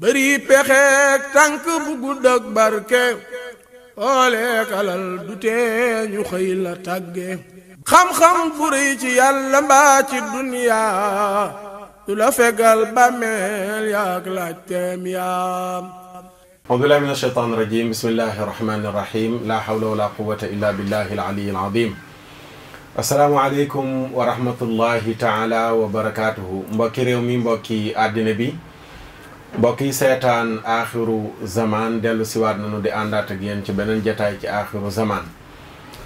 bëri pexeek tànk bu gudd ak barke xooleek alal du tee ñu xam-xam bu rëy ci yàlla mbaa duniya du la fegal bàmmeel yaak laajteem yaam aoudubillahi min asheytaan irajim bismillahi irrahmani irrahim laa hawla wala quwata illa billahi alaliyi alazim asalaamualeykum wa rahmatullahi taala wa barakatuhu mbokki réew mi mbokki àddina bi mbokk yi seetaan aaxiru zaman dellu siwaat nañu di àndaat ak yéen ci beneen jataay ci aaxiru zaman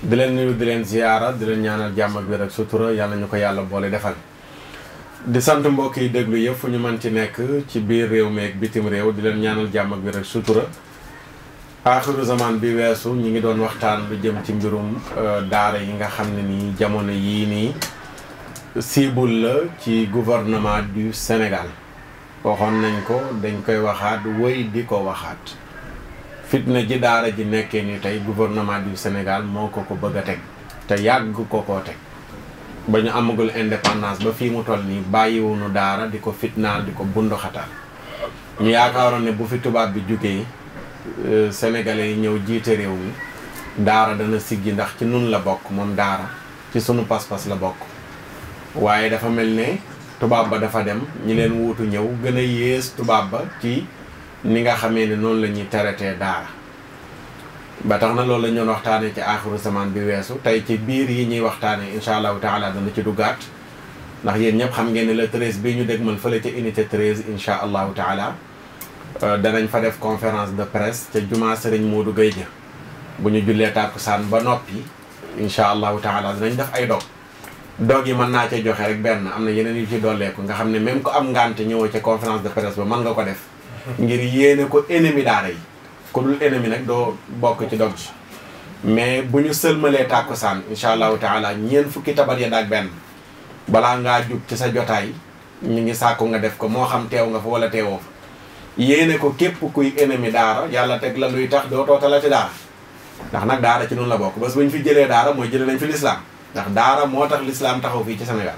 di leen nuyu di leen ziyaara di leen ñaanal jàmm ak wér ak sutura yàlla ñu ko yàlla boole defal di sant mbokk yi déglu yëpp fu ñu mën ci nekk ci biir réew mi ak bitim réew di leen ñaanal jàmm ak wér ak sutura aaxiru zaman bi weesu ñu ngi doon waxtaan lu jëm ci mbirum euh, daara yi nga xam ne nii jamono yii nii cible la ci gouvernement du Sénégal waxoon nañ ko dañ koy waxaat wëy di ko waxaat fitna ji daara ji nekkee ni tey gouvernement du Sénégal moo ko ko bëgg a teg te yàgg ko ko teg ba ñu amagul indépendance ba fii mu toll nii bàyyiwunu daara di ko fitnaal di ko bunduxataal ñu yaakaaroon ne bu fi tubaab bi jugee euh, sénégalais yi ñëw jiite réew mi daara dana siggi ndax ci nun la bokk moom daara ci sunu pas-pas la bokk waaye dafa mel ne tubaab ba dafa dem ñi leen wuutu ñëw gën a yées tubaab ba ci ni nga xamee ne noonu la ñuy traité daara ba tax na loolu la ñoon waxtaanee ci aaxiru samaan bi weesu tey ci biir yi ñuy waxtaane incha allahu taala dana ci duggaat ndax yéen ñëpp xam ngeen ne le treize bii ñu dégmal fële ca unité treize incha allahu taala euh, danañ fa def conférence de presse ca jumaa sëriñ Modou Gueye ja bu ñu jullee tàkkusaan ba noppi incha allahu taala danañ def ay dog dog yi man naa ca joxe rek benn am na yeneen yu ci dolleeku nga xam ne même ko am ngante ñëwoo ca conférence de presse ba mën nga ko def ngir yéene ko ennemi daara yi ku dul nag doo bokk ci dog mais bu ñu sëlmalee tàkkusaan incha allahu taala ñeen fukki tabar ya daag benn balaa ngaa jug ci sa jotaay ñu ngi sàkku nga def ko moo xam teew nga fa wala teewoo yéene ko képp kuy ennemi daara yàlla teg la luy tax doo tootala ci daara ndax nag daara ci noonu la bokk bés bu ñu fi jëlee daara mooy jëlee nañ fi lislaam ndax daara moo tax lislaam taxaw fii ci Sénégal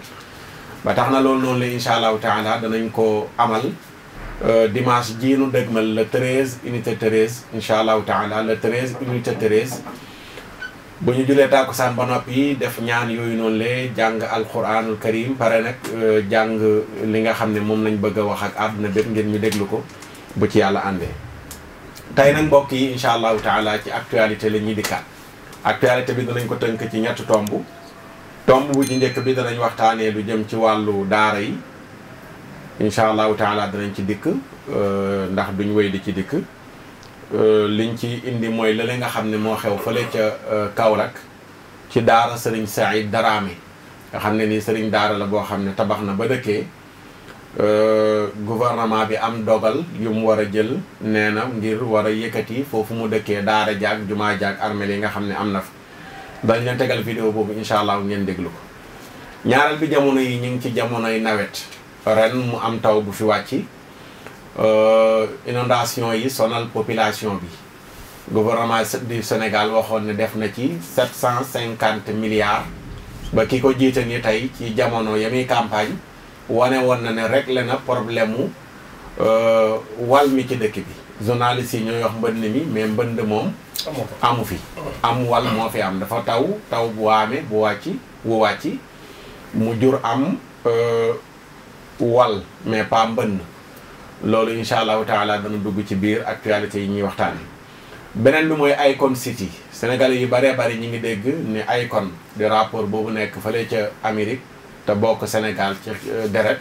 ba tax na loolu noonu la incha allahu taala danañ ko amal euh, dimanche jii nu dëgmal le 13 unité 13 incha allahu taala le 13 unité 13. bu ñu julee tàkkusaan ba yi def ñaan yooyu noonu le jàng alquranul karim pare nag euh, jàng li nga xam ne moom lañ bëgg a wax ak àdduna bépp ngeen ñu déglu ko bu ci yàlla àndee tey nag mbokk yi incha allahu taala ci actualité la ñuy dikkaat actualité bi danañ ko tënk ci ñetti tomb tomb bu ci njëkk bi danañ waxtaanee lu jëm ci wàllu daara yi incha allahu taala danañ ci dikk euh, ndax duñ woy di ci dikk euh, liñ ci indi mooy lële nga xam ne moo xew fële ca euh, Kaolack ci daara Serigne Saïd Darame nga xam ne nii Serigne daara la boo xam ne tabax na ba dëkkee gouvernement bi am dogal yu mu war a jël nee na ngir war a yëkkati foofu mu dëkkee daara jaag jumaa jaag armel yi nga xam ne am na fa dañ leen tegal vidéo boobu incha allah ngeen déglu ko ñaaral bi jamono yi ñu ngi ci jamonoy nawet ren mu am taw bu fi wàcc euh, inondation yi sonal population bi gouvernement du Sénégal waxoon ne def na ci sept cent cinquante milliards ba ki ko jiita ni tey ci jamono ya muy campagne wane woon na ne réglé na problème mu euh, wal mi ci dëkk bi journaliste yi ñooy wax mbënd mi mais mbënd moom amu fi am wal moo fi am dafa taw taw bu waame bu wàcc bu wàcc mu jur am euh, wal mais pas mbënn loolu incha allahu taala dana dugg ci biir actualité yi ñuy waxtaan waxtaane beneen bi mooy Akon City sénégalais yu baree bari ñu ngi dégg ni Akon di rapport boobu nekk fële ca Amérique te bokk Sénégal ca euh, deret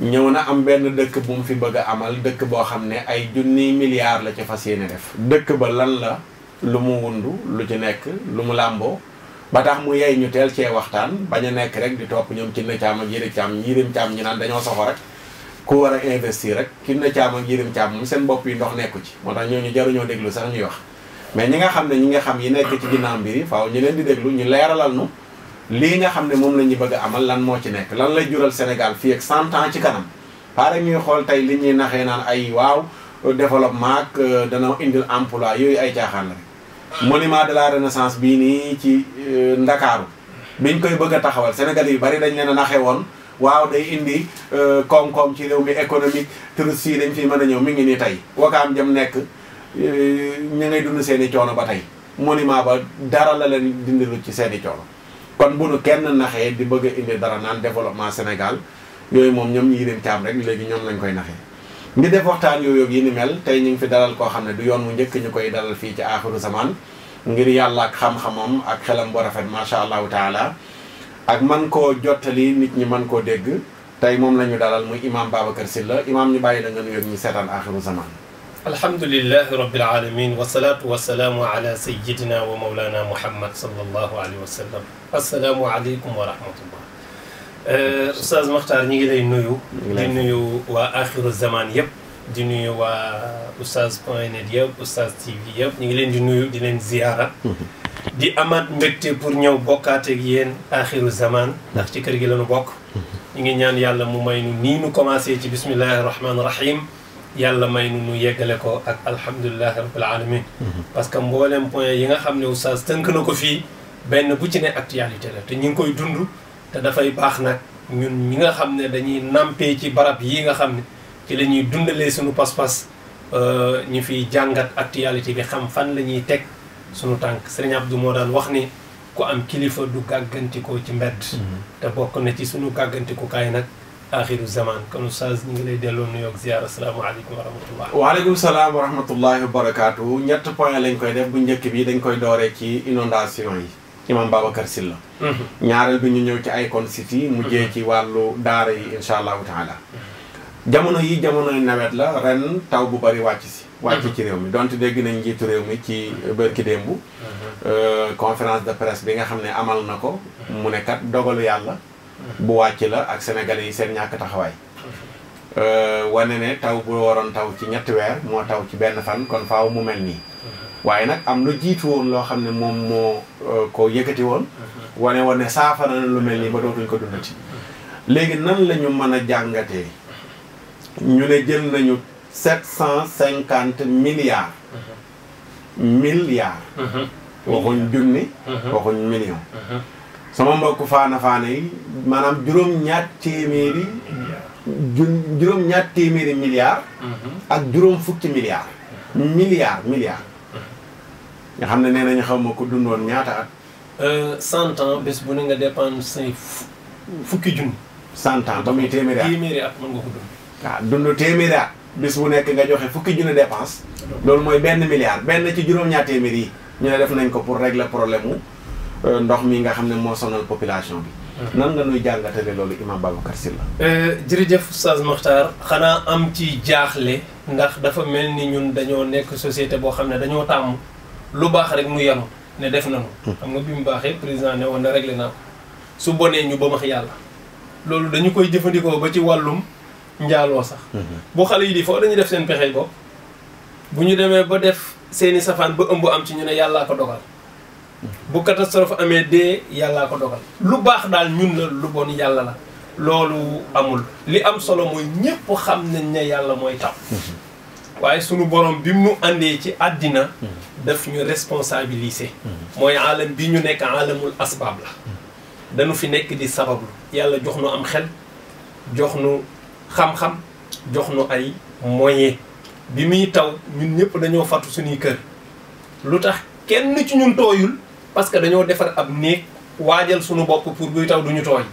ñëw na am benn dëkk bu mu fi bëgg amal dëkk boo xam ne ay junniy milliards la ci fas yéene def. dëkk ba lan la lu mu wundu lu ci nekk lu mu làmboo ba tax mu yey ñu teel cee waxtaan bañ a nekk rek di topp ñoom ci na caam ak yëre caam ñiirim caam ñu naan dañoo soxo rek ku war a investir rek ki na caam ak yërim caam moom seen bopp yi ndox nekku ci moo tax ñooñu jaruñoo déglu sax ñuy wax mais ñi nga xam ne ñi nga xam yi nekk ci ginnaaw mbir yi faaw ñu leen di déglu ñu leeralal nu lii nga xam ne moom la ñu bëgg amal lan moo ci nekk lan la jural Sénégal fii ak 100 ans ci kanam pare ñuy xool tey li ñuy naxee naan ay waaw développement ak euh, dana indil emploi yooyu ay caaxaan la monument de la renaissance bii nii ci euh, Ndakaaru biñ koy bëgg a taxawal Sénégal yu bari dañ leen a naxee woon waaw day indi euh, koom-koom ci réew mi économique touristes yi dañ fi mën a ñëw mi ngi nii tey wakaam jëm nekk ñu ngay dund seen i coono ba tey monument ba dara la leen dindilu ci seen i kon bu nu kenn naxee di bëgg a indi dara naan développement Sénégal yooyu moom ñoom ñi dem caam rek léegi ñoom lañ koy naxee ngi def waxtaan yooyu yi ni mel tey ñu ngi fi dalal koo xam ne du yoon mu njëkk ñu koy dalal fii ci aaxiru zaman ngir yàlla ak xam-xamam ak xelam bu rafet macha allahu taala ak man koo jottali nit ñi man koo dégg tey moom la ñu dalal muy imam Babacar Sylla imam ñu bàyyi la nga nuyoog ñu seetaan aaxiru zaman alhamdulilahi rabbil alamin wasalaatu wasalaamu ala sayidina wa maulana muhammad sallallahu alayhi wa sallam assalaamu aleykum wa rahmatullah eh, Oustaz Makhtar ñi ngi lay nuyu di nuyu waa axiru zaman yëpp di nuyu waa Oustaz point net yëpp Oustaz TV yëpp ñu ngi leen di nuyu di leen ziyaara mhm. di amaat mbégte pour ñëw bokkaateeg yéen axiru zaman ndax ci kër gi lañu bokk mhm. ñu ngi ñaan yàlla mu may nu nii nu commencé ci bismillahi rahmaani rahim yàlla may nu nu yeggale ko ak alhamdulilahi rabbil alamin parce que mbooleem point yi nga xam ne oustaz tënk na ko fii benn bu ci ne actualité la te ñu ngi koy dund te dafay baax nag ñun ñi nga xam ne dañuy nàmpee ci barab yi nga xam ne ci la ñuy dundalee suñu pas-pas euh, ñu fiy jàngat actualité bi xam fan la ñuy teg sunu tànk Serigne Abdou moo daan wax ni ku am kilifa du gàggantikoo ci mbedd mm-hmm. te bokk na ci suñu gàggantikukaay nag axiru zaman kon Oustaz ñu ngi delloo nuyoo ak ziyaar asalaamaaleykum wa rahmatullah waaleykum salaam wa rahmatullahi wa barakaatu ñett point lañ koy def bu njëkk bi dañ koy dooree ci inondation yi imam Babacar Sylla ñaareel bi ñu ñëw ci Akon City mujjee ci wàllu daara yi insha allahu taala jamono yi jamonoy nawet la ren taw bu bari wàcc si wàcc ci réew mi dont dégg nañ njiitu réew mi ci bërki démb euh, conférence de presse bi nga xam ne amal na ko mu nekkat kat dogalu yàlla bu wàcc la ak sénégalais yi seen ñàkk taxawaay euh, wane ne taw bu waroon taw ci ñetti weer moo taw ci benn fan kon faaw mu mel nii waaye nag am lu jiitu woon loo xam ne moom moo euh, ko yëkkati woon wane woon ne saafara na lu mel nii ba dootuñ ko dundati léegi nan lañu ñu mën a jàngatee ñu ne jël nañu sept cent cinquante milliards milliards waxuñ junni waxuñ million sama mbokk faana faana yi maanaam juróom-ñaar téeméeri juróom-ñaar téeméeri milliards mm-hmm. ak juróom fukki milliards milliards milliards mm-hmm. nga xam ne nee nañu xaw ma ko dundoon ñaata at euh, cent ans bés bu ne nga dépendre say fukki junni cent ans ba muy téeméeri at téeméeri at mën nga ko bis bu nekk nga joxe fukki junni dépense mm-hmm. loolu mooy benn milliard benn ci juróom ñaat téeméeri yi ñu ne def nañ ko pour régler problème mu Euh, ndox mi nga xam ne moo sonal population bi. Mhm. nan nga nuy jàngatale loolu imam Babacar Sylla euh, jërëjëf Oustaz Makhtar xanaa am ci jaaxle ndax dafa mel ni ñun dañoo nekk société boo xam ne dañoo taamu lu baax rek mu yanu ne def nañu. Mhm. xam nga bi mu baaxee président ne woon na regle naa ko su bonee ñu ba max yàlla loolu dañu koy jëfandikoo ba ci wàllum njaaloo sax mhm. bu xale yi di foo dañuy def seen pexe ko bu ñu demee ba def seeni safaan ba ëmb am ci ñu ne yàllaa ko dogal bu catastrophe amee dee yàllaa ko dogal lu baax daal ñun la lu bon yàlla la loolu amul li am solo mooy ñépp xam nañ ne yàlla mooy taw waaye sunu borom bi mu àndee ci àddina daf ñu responsabiliser mooy alam bi ñu nekk alamul asbaab la dañu fi nekk di sabablu yàlla jox nu am xel jox nu xam-xam jox nu ay moyens bi muy taw ñun ñëpp dañoo fàttu suñuy kër lu tax kenn ci ñun tooyul parce que dañoo defar ab néeg waajal suñu bopp pour buy taw du ñu tooy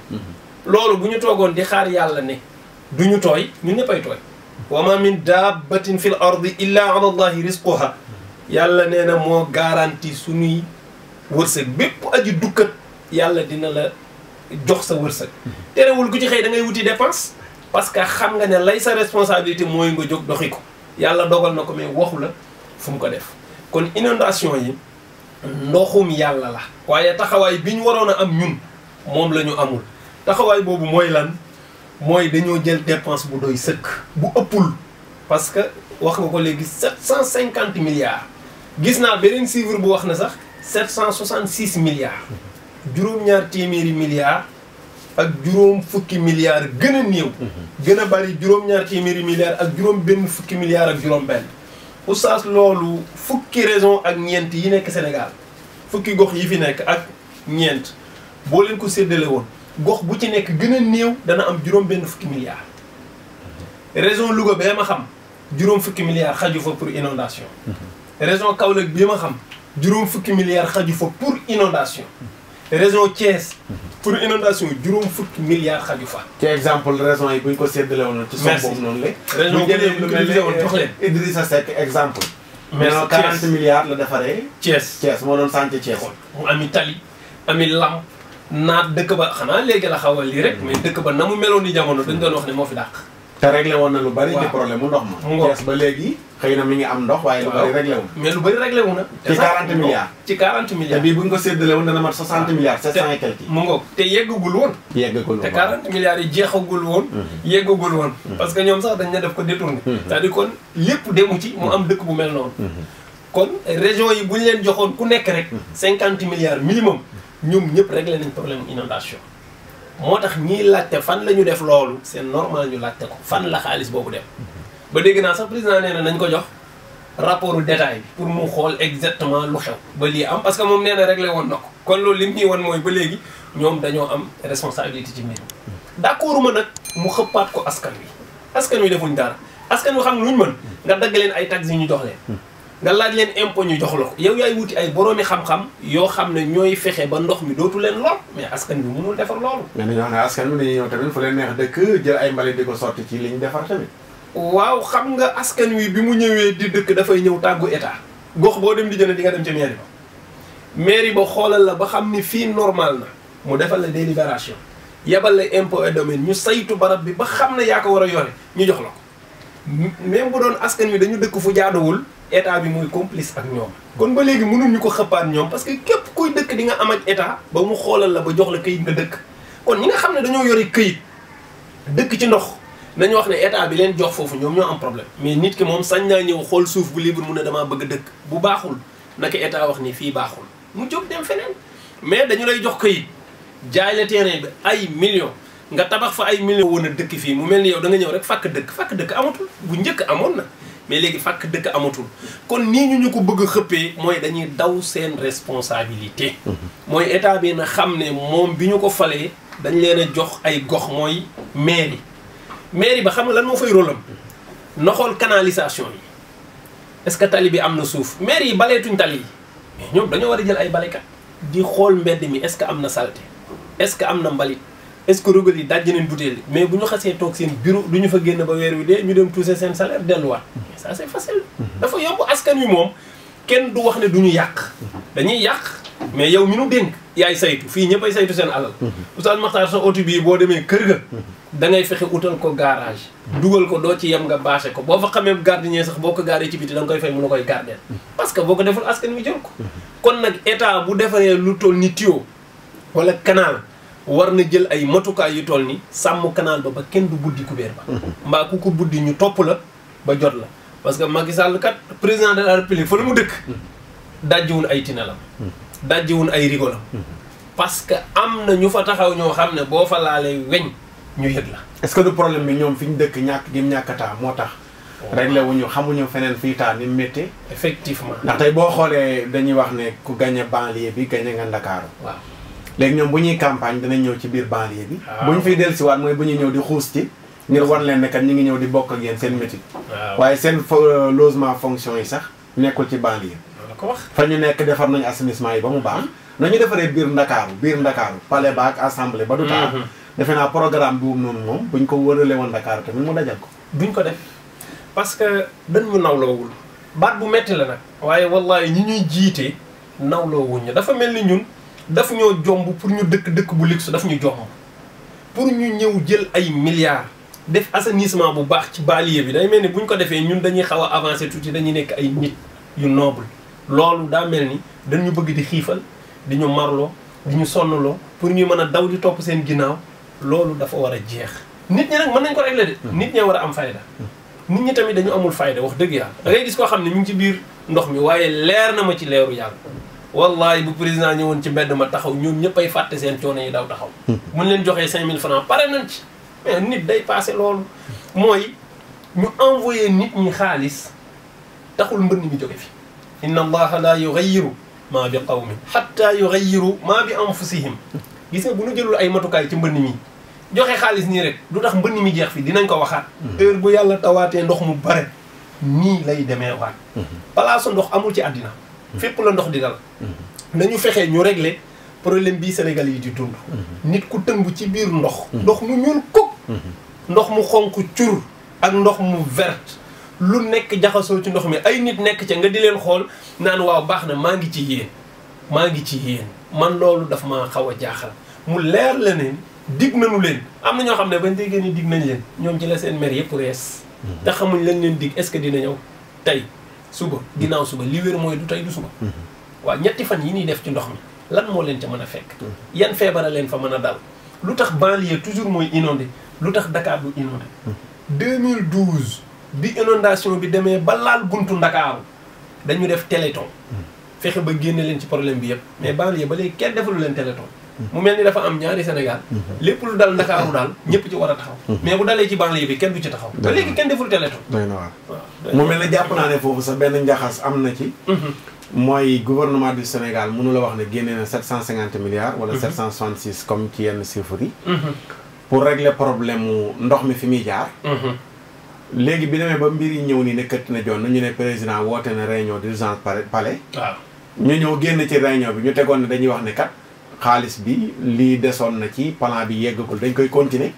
loolu bu ñu toogoon di xaar yàlla ne du ñu tooy ñun ñëppay tooy wa ma min dabbatin fi l ardi illa ala allahi risquha yàlla nee na moo garanti suñuy wërsëg bépp aju dukkat yàlla dina la jox sa wërsëg terewul ku ci xëy da ngay wuti dépense parce que xam nga ne lay sa responsabilité mooy nga jóg doxi ko yàlla dogal na ko mais waxu la fu ko def kon inondation yi ndoxum yàlla la waaye taxawaay bi ñu waroon a am ñun moom lañu amul taxawaay boobu mooy lan mooy dañoo jël dépense bu doy sëkk bu ëppul parce que wax nga ko léegi sept cent cinquante milliards gis naa beneen chiffre bu wax na sax sept cent soixante six milliards juróom-ñaar téeméeri milliards ak juróom fukki milliards gën a néew mhm. gën a ñaar téeméeri milliards ak juróom benn fukki milliards ak juróom benn oustaz loolu fukki région ak ñeent yi nekk Sénégal fukki gox yi fi nekk ak ñeent boo leen ko séddale woon gox bu ci nekk gën a néew dana am juróom benn fukki milliards région Louga bee ma xam juróom fukki milliards xaju fa pour inondation mhm. région Kaolack bii ma xam juróom fukki milliards xaju fa pour inondation région Thiès. Mhm. pour inondation juróom fukki milliards xaju fa. ci exemple raison yi bu ñu ko séddale woon ci somme boobu noonu la. région bu ñu utilisé woon exemple. mais non 40 milliards la defaree. Thiès Thiès moo doon sant Thiès. mu ami tali ami lam naat dëkk ba xanaa léegi la xawal lii rek. mais dëkk ba na mu meloon ni jamono dañ doon wax ne moo fi dàq. te réglé woon na lu bari. ci problème mu ndox ma. Cees ba léegi xëy na mi ngi am ndox. waaye lu bari réglé wu na. mais lu bari réglé wu na. ci 40 milliards te bii bu ñu ko séddale woon dana mat 60 milliards. 700 et quelques. mu te yeggagul woon. yeggagul woon te yi jeexagul woon. Mhm. yeggagul woon. Mhm. parce que ñoom sax dañ ne def ko détourné. Mhm. c'est-à-dire kon lépp demu ci mu am dëkk bu mel noonu. kon région yi bu ñu leen joxoon ku nekk rek. 50 milliards minimum ñoom ñëpp réglé nañ problème inondation moo tax ñiy laajte fan la ñu def loolu seen normal ñu laajte ko fan la xaalis boobu dem mhm. ba dégg naa sax président nee na nañ ko jox rapport détail pour mu xool exactement lu xew ba lii am parce que moom nee na woon na ko kon loolu lim ñuy woon mooy ba léegi ñoom dañoo am responsabilité ci mbir mhm. d'accord ma nag mu xëppaat ko askan wi askan wi defuñ dara askan wi xam luñ mën mhm. nga dagg leen ay taxes yi ñu jox leen nga laaj leen impôt ñu jox la ko yow yaay wuti ay boroomi xam-xam yoo xam ne ñooy fexe ba ndox mi dootu leen lool mais askan bi mënul defar loolu. mais dañoo xam ne askan bi dañuy ñëw jël ay mbalit di ko sotti ci li ñu defar tamit. waaw xam nga askan wi bi mu ñëwee di dëkk dafay ñëw tàggu état gox boo dem di jënd di nga dem ca mairie ba mairie ba xoolal la ba xam ni fii normal na mu defal la délibération yebal la impôt et domaine ñu saytu barab bi ba xam ne yaa ko war a yore ñu jox la ko même bu doon askan wi dañu dëkk fu jaaduwul état bi muy complice ak ñoom. kon ba léegi mënuñu ko xëppaan ñoom parce que képp kuy dëkk di nga am ak état ba mu xoolal la ba jox la këyit nga dëkk kon ni nga xam ne dañoo yore këyit dëkk ci ndox nañu wax ne état bi leen jox foofu ñoom ñoo am problème. mais nit ki moom sañ naa ñëw xool suuf bu libre mun a damaa bëgg dëkk bu baaxul naka état wax nii fii baaxul mu jóg dem feneen mais dañu lay jox këyit jaay la terrain bi ay millions. nga tabax fa ay millions woon dëkk fii mu mel ni yow da nga ñëw rek fàkk dëkk fàkk dëkk amatul bu njëkk amoon na mais léegi fàkk dëkk amatul kon nii ñu ñu ko bëgg a xëppee mooy dañuy daw seen responsabilité mhm. mooy état bi na xam ne moom bi ñu ko falee dañ leen a jox ay gox mooy mairie mairie ba xam nga lan moo fay rôlam na xool canalisation bi est que tali bi am na suuf mairie yi baleetuñ tali yi ñoom dañoo war a jël ay balekat di xool mbedd mi est-ce que am na saleté est-ce que am na mbalit est-ce que rugal yi daj nañ butéel yi mais bu ñu xasee toog seen bureau du ñu fa génn ba weer wi de ñu dem toucher seen salaire delluwaat mais ça c'est facile dafa yomb askan wi moom kenn du wax ne du ñu yàq dañuy yàq mais yow mi nu dénk yaay saytu fii ñëppay saytu seen alal Oustaz Makhtar sa oto bii boo demee kër ga da ngay fexe utal ko garage dugal ko doo ci yem nga bâché ko boo fa xamee gardien sax boo ko gardé ci biti da nga koy fay mu parce que boo ko deful askan wi jël ko kon nag bu defaree lu toll ni tuyau wala canal war na jël ay matukaay yu tool ni sàmm kanaan ba ba kenn du buddi kubéer ba mhm. mbaa ku ko buddi ñu topp la ba jot la parce que Macky Sall kat président de la République fa la mu dëkk mhm. wun ay tinalam mhm. dajjiwun ay rigolam parce que am na ñu fa taxaw ñoo xam ne boo fa laalee weñ ñu yëg la est-ce que du problème bi ñoom fi ñu dëkk ñàkk gim ñàkkataa moo tax oh. réglé wuñu xamuñu feneen fii taa ni métti effectivement ndax tey boo xoolee dañuy wax ne ku gañe banlieue bi gañe nga Ndakaaru waaw léegi ñoom bu ñuy campagne danañ ñëw ci biir banlieue bi. Ah, bu ñu fiy dellusiwaat mooy bu ñuy ñëw di xuus ci. ngir wan leen ne kat ñu ngi ñëw di bokk ak yéen seen métier. waaye seen euh, logement fonction yi sax nekkul ci banlieue. fa ñu nekk defar nañu assainissement yi ba mu baax. nañu defaree biir ndakaaru biir ndakaaru palais ba ak assemblée ba du taal. Mm-hmm. defe naa programme bi wum noonu moom buñ ko wëralee woon ndakaaru tamit mu dajal ko. duñ ko def parce que dañ ñu wul baat bu metti la nag. waaye wallahi ñi ñuy jiite nawloowuñ ñu dafa mel ni ñun daf ñoo jomb pour ñu dëkk dëkk bu luxe daf ñu jomb pour ñu ñëw jël ay milliards def assainissement bu baax ci banlieue bi day mel ni bu ñu ko defee ñun dañuy xaw a avancé tuuti dañuy nekk ay nit yu noble loolu daa mel ni dañu bëgg di xiifal di ñu marloo di ñu sonnloo pour ñu mën a daw di topp seen ginnaaw loolu dafa war a jeex. nit ñi nag mën nañ ko régler de. Hmm. nit ñee war a am fayda. Hmm. nit ñi tamit dañu amul fayda wax dëgg yàlla. da gis koo xam ne ñu ngi ci biir ndox mi waaye leer na ma ci leeru yàlla. wallaay bu président ñëwoon ci mbedd ma taxaw ñoom ñëpp ay fàtte seen coono yi daw taxaw. mun leen joxee 5000 francs pare nañ ci. mais nit day passé loolu. mooy ñu envoyé nit ñi xaalis taxul mbënd mi jóge fi. inna allaha la yughayyiru ma bi qawmin hatta yughayyiru ma bi anfusihim gis nga bu ñu jëlul ay matukaay ci mbënd mi joxe xaalis nii rek lu tax mbënn mi jeex fi dinañ ko waxaat. heure bu yàlla tawaatee ndox mu bare nii lay demee waat. Mm-hmm. palaasu ndox amul ci àddina. fépp la ndox di dal nañu fexee ñu régler problème bii Sénégal yi di dund nit ku tëmb ci biir ndox ndox mu ñuul kuk ndox mu xonq cur ak ndox mu verte lu nekk jaxasoo ci ndox mi ay nit nekk ca nga di leen xool naan waaw baax na maa ngi ci yéen maa ngi ci yéen man loolu dafa ma xaw a jaaxal mu leer la ne dig nañu leen am na ñoo xam ne bañ déggee ni dig nañ leen ñoom ci la seen mer yëpp rees te xamuñ lañ leen dig est-ce que dina ñëw tey suba ginnaaw suba li mooy du tey du suba mhm. waaw ñetti fan yi ñuy def ci ndox mi lan moo leen ca mën a fekk yan feebara leen fa mën a dal lu tax banlieue toujours mooy inondé lu tax Dakar du inondé 2012 mhm. bi inondation bi demee ba laal buntu Ndakaaru dañu def téléthon mhm. fexe ba génne leen ci problème bi yëpp mais banlieue ba léegi kenn defalu leen téléthon mu mel ni dafa am ñaari Sénégal mhm. lépp lu dal Ndakaaru daal ñëpp ci war a taxaw mhm. mais bu dalee ci banlieue bi kenn du ci taxaw ba léegi kenn deful téléthon doy na waar mu mel ne jàpp naa ne foofu sax benn njaxas am na ci mhm. mooy gouvernement du Sénégal mënu la wax ne génnee na sept cent cinquante milliards wala sept cent soixante-six comme ci yenn chiffres pour régler problème ndox mi fi muy léegi bi demee ba mbir yi ñëw nii ne këtt ñu ne président woote xaalis bi lii desoon na ci plan bi yegg yeggagul dañ koy continuer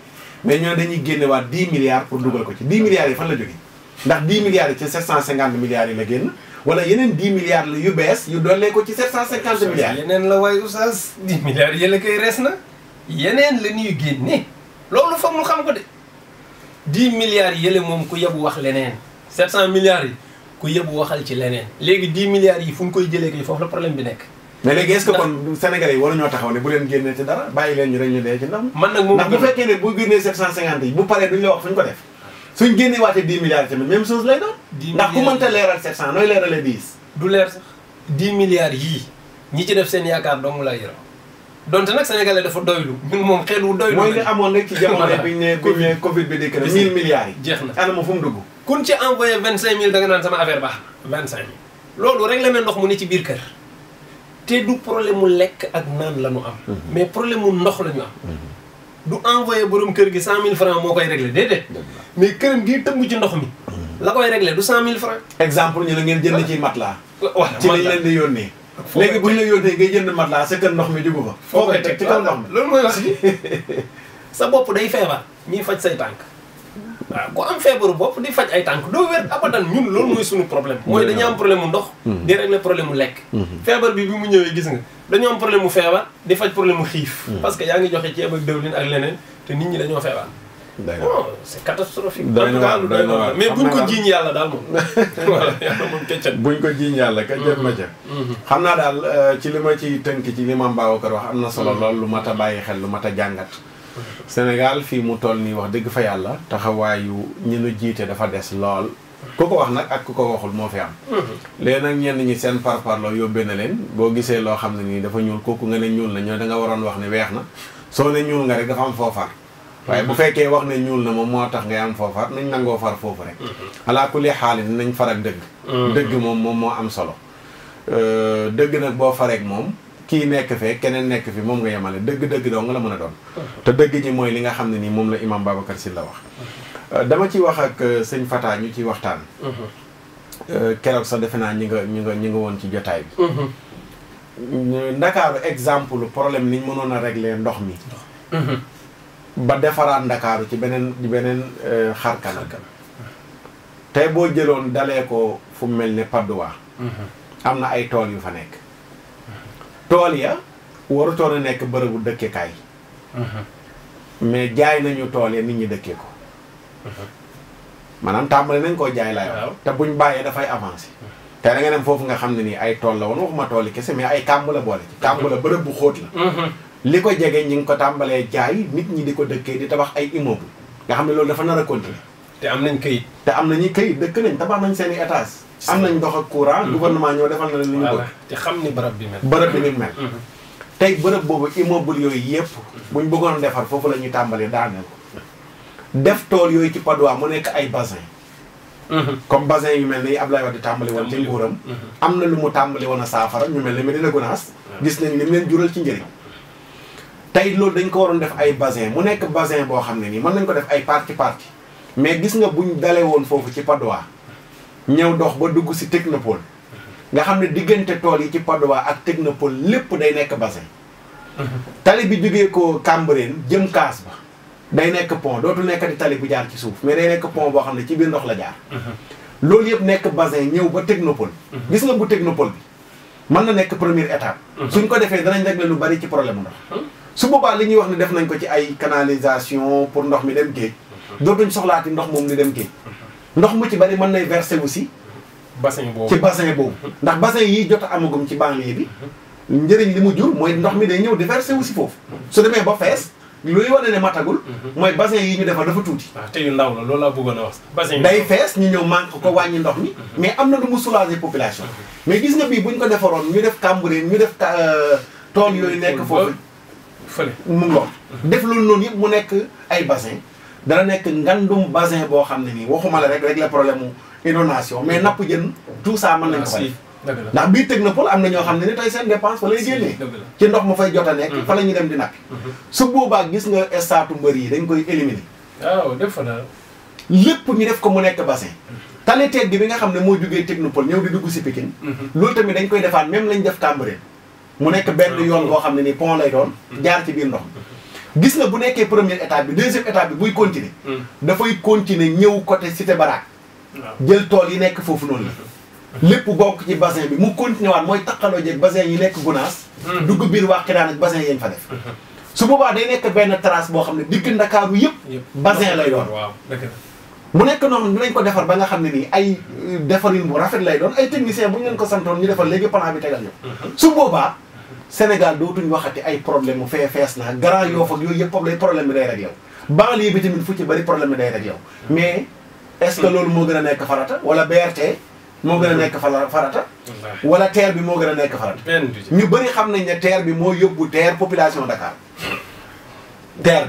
mais ñoo dañuy génne waat 10 milliards pour dugal ko ci 10 milliards yi fan la jógee ndax 10 milliards yi ci 750 milliards yi la génn wala yeneen 10 milliards la yu bees yu dollee ko ci 750 milliards yeneen la waaye oustaz 10 milliards yële koy rees na yeneen la ñuy génne loolu foog mu xam ko de 10 milliards yële moom ku yebu wax leneen 700 milliards yi ku yebu waxal ci leneen léegi 10 milliards yi fu ñu koy jëlee kay foofu la problème bi nekk mais léegi est-ce que kon Sénégalais yi war ñoo taxaw ne bu leen génnee ci dara bàyyi leen ñu rek ñu dee ci ndax man nag moom ndax bu fekkee ne bu génnee 750 yi bu paree duñ la wax fu ñu ko def suñ génnee waatee 10 milliards yii ñi ci def seen yaakaar doomu laa yaram donte nag sénégalais dafa doylu ñun moom xel wu doylu mooy li amoon rek ci jamono bi ñu ñu ne covid bi dëkk na mille milliards yi jeex na ana ma fu mu dugg kun ci envoyé vingt ne ci biir te du problème mu lekk ak naan la am. Mhm. mais problème mu ndox la ñu am. Mhm. du envoyé borom kër gi cent mille franc moo koy réglé déedéet. mais këram gii tëmb ci ndox mi. Mhm. la koy réglé du cent mille franc. exemple ñu ne ngeen jënd ci matelas. waaw ci lañ leen di yónnee. léegi bu ñu la yónnee ngay jënd matelas sa kër ndox mi di jugu fa. foofu koy teg ci kaw ndox mi loolu mooy wax ji sa bopp day feebar ñiy faj say tànk. waaw ku am feebaru bopp di faj ay tànk doo wér abadan ñun loolu mooy suñu problème mooy dañu am problème mu ndox mm-hmm. di régler problème mu lekk mm-hmm. feebar bi bi mu ñëwee gis nga dañu am problème mu feebar di faj problème mu xiif mm-hmm. parce que yaa ngi joxe ceeb ak dëwlin ak leneen te nit ñi dañoo feebar non c'est catastrophique en buñ ko jiiñ yàlla daal moom voilà yàlla moom keccat buñ ko jiiñ yàlla ka jëm ma ca xam naa daal euh, ci li ma ci tënk ci li ma Mbaawakar wax am na solo lool lu mat a bàyyi xel lu mat a jàngat Sénégal fii mu toll nii wax dëgg fa yàlla taxawaayu ñi nu jiite dafa des lool. ku ko wax nag ak ku ko waxul moo fi am. Mm-hmm. léegi nag ñenn ñi seen loolu yóbbee na leen boo gisee loo xam ne nii dafa ñuul kooku nga ne ñuul na ñoo danga waroon wax ne weex na soo ne ñuul nga rek dafa am foofar. waaye bu fekkee wax ne ñuul na moom moo tax ngay am foofar nañ nangoo far foofu rek. Mm-hmm. alaa kulli xaalis nañ far ak dëgg. Mm-hmm. dëgg moom moom moo am solo. Euh, dëgg nag boo fareek moom. kii nekk fee keneen nekk fi moom nga yemale dëgg-dëgg doo la mën a doon te dëgg ji mooy li nga xam ne nii moom la imam Babacar Sy la wax euh, dama ci wax ak euh, sëñ Fata ñu ci waxtaan euh, keroog sax defe naa ñi nga ñi nga ñi nga woon ci jotaay bi ndakaaru exemple problème niñ mënoon a régler ndox mi ba defaraat ndakaaru ci beneen ci beneen xarkanam tey boo jëloon dalee ko fu mel ni Padoa am na ay tool yu fa nekk tool ya warutoon a nekk bërëbu dëkkekaay mhm. mais jaay nañu tool ya nit ñi dëkkee ko mhm. maanaam tàmbali nañ koo jaay laay wax te buñ bàyyee dafay avancé mhm. te da nga dem foofu nga xam ne nii ay tool la woon waxuma tool yi kese mais ay kàmb la boole ci la bërëb bu xóot la li ko jege ñi ngi ko tàmbalee jaay nit ñi di ko dëkkee di tabax ay immeuble nga xam ne loolu dafa nar a continuer te am nañ këyit te am nañuy këyit dëkk nañ tabax nañ seen i am nañ ndox ak courant. Mhm. gouvernement ñoo defal na leen li ñu bëgg. te xam ni barab bi mel. barab bi ni mel. Mhm. tey bërëb boobu immeuble yooyu yëpp. buñ bëggoon defar foofu la ñuy tàmbalee daaneel ko. def tool yooyu ci Padois mu nekk ay bassin. Mhm. comme bassin yu mel ni Abdoulaye Wade tàmbali woon ci nguuram. am na lu mu tàmbali woon a saafara ñu mel ne Medina Gounass. gis nañ li mu leen jural ci njëriñ. tey loolu dañ ko waroon def ay basin mu nekk bassin boo xam ne nii mën nañ ko def ay parti parti mais gis nga buñ dalee woon foofu ci Padois. ñëw dox ba dugg si technopole nga xam ne diggante tool yi ci Padoa ak technopole lépp day nekk bassin tali bi jógee ko Cambérène jëm kaas ba day nekk pont dootu nekk di tali bu jaar ci suuf mais day nekk pont boo xam ne ci biir ndox la jaar loolu yëpp nekk bassin ñëw ba technopole gis nga bu technopole bi mën na nekk première étape suñ ko defee danañ régler lu bari ci problème ndox su boobaa li ñuy wax ne def nañ ko ci ay canalisation pour ndox mi dem géej dootuñ soxlaati ndox moom ni dem géej ndox mu ci bari mën nay verser aussi. bassin boobu ci bassin boobu. ndax bassin yi jot a amagum ci banlieue bi. njëriñ li mu jur mooy ndox mi day ñëw di verser aussi foofu. su demee ba fees luy wane ne matagul. Mhm. mooy bassin yi ñu defal dafa tuuti. Ah, te yu ndaw la loolu laa bëggoon a wax. bassin day fees ñu ñëw manque ko wàññi ndox mi. Mhm. mais am na lu mu soulager population. mais gis nga bii buñ ko defaroon ñu def Cambérène ñu def euh, tool yooyu nekk foofu. fële mu ngoog def loolu noonu yëpp mu nekk ay bassin dana nekk ngandum basin boo xam ne nii waxuma la rek régler problème mu inondation mais napp jën tout ça mën nañ ko def ndax biir technopole am na ñoo xam ne ni tey seen dépense fa lay génnee ci ndox ma fay jot mhm. dem di nappi mhm. su boobaa gis nga statu mbër yi dañ koy éliminer fa daal lépp ñu def ko mu nekk bassin mhm. tali teeg bi nga xam ne moo jógee technopole ñëw di dugg si Pikine loolu tamit dañ koy defaat même lañ def Cambérène mu nekk benn yoon boo xam ne ni pont lay doon jaar ci biir ndox gis na bu nekkee première étape bi deuxième étape bi buy continuer hmm. dafay continuer ñëw côté cité baraak jël tool yi nekk foofu noonu la hmm. lépp bokk ci bassin bi mu continuer waat mooy taqaloo jeeg bassin yi nekk Gunaas hmm. dugg biir Wàqiraan ak bassin yeen fa def su boobaa day nekk benn trace boo xam ne digg Ndakaaru yëpp basin lay doon mu nekk noonu dinañ ko defar ba nga xam ne nii ay euh, defarin bu rafet lay doon ay technicien bu ñu leen ko santoon ñu defar léegi plan bi tegal ñu su boobaa Sénégal dootuñ waxati ay problème mu fee fees naa Grand Yoff ak yooyu yëpp problème bi day rek yow banlieue bi tamit fu ci bari problème bi day rek yow mais est-ce que loolu moo gën a nekk farata wala BRT moo gën a nekk farata wala TER bi moo gën a nekk farata ñu bëri xam nañ ne TER bi moo yóbbu TER population Dakar TER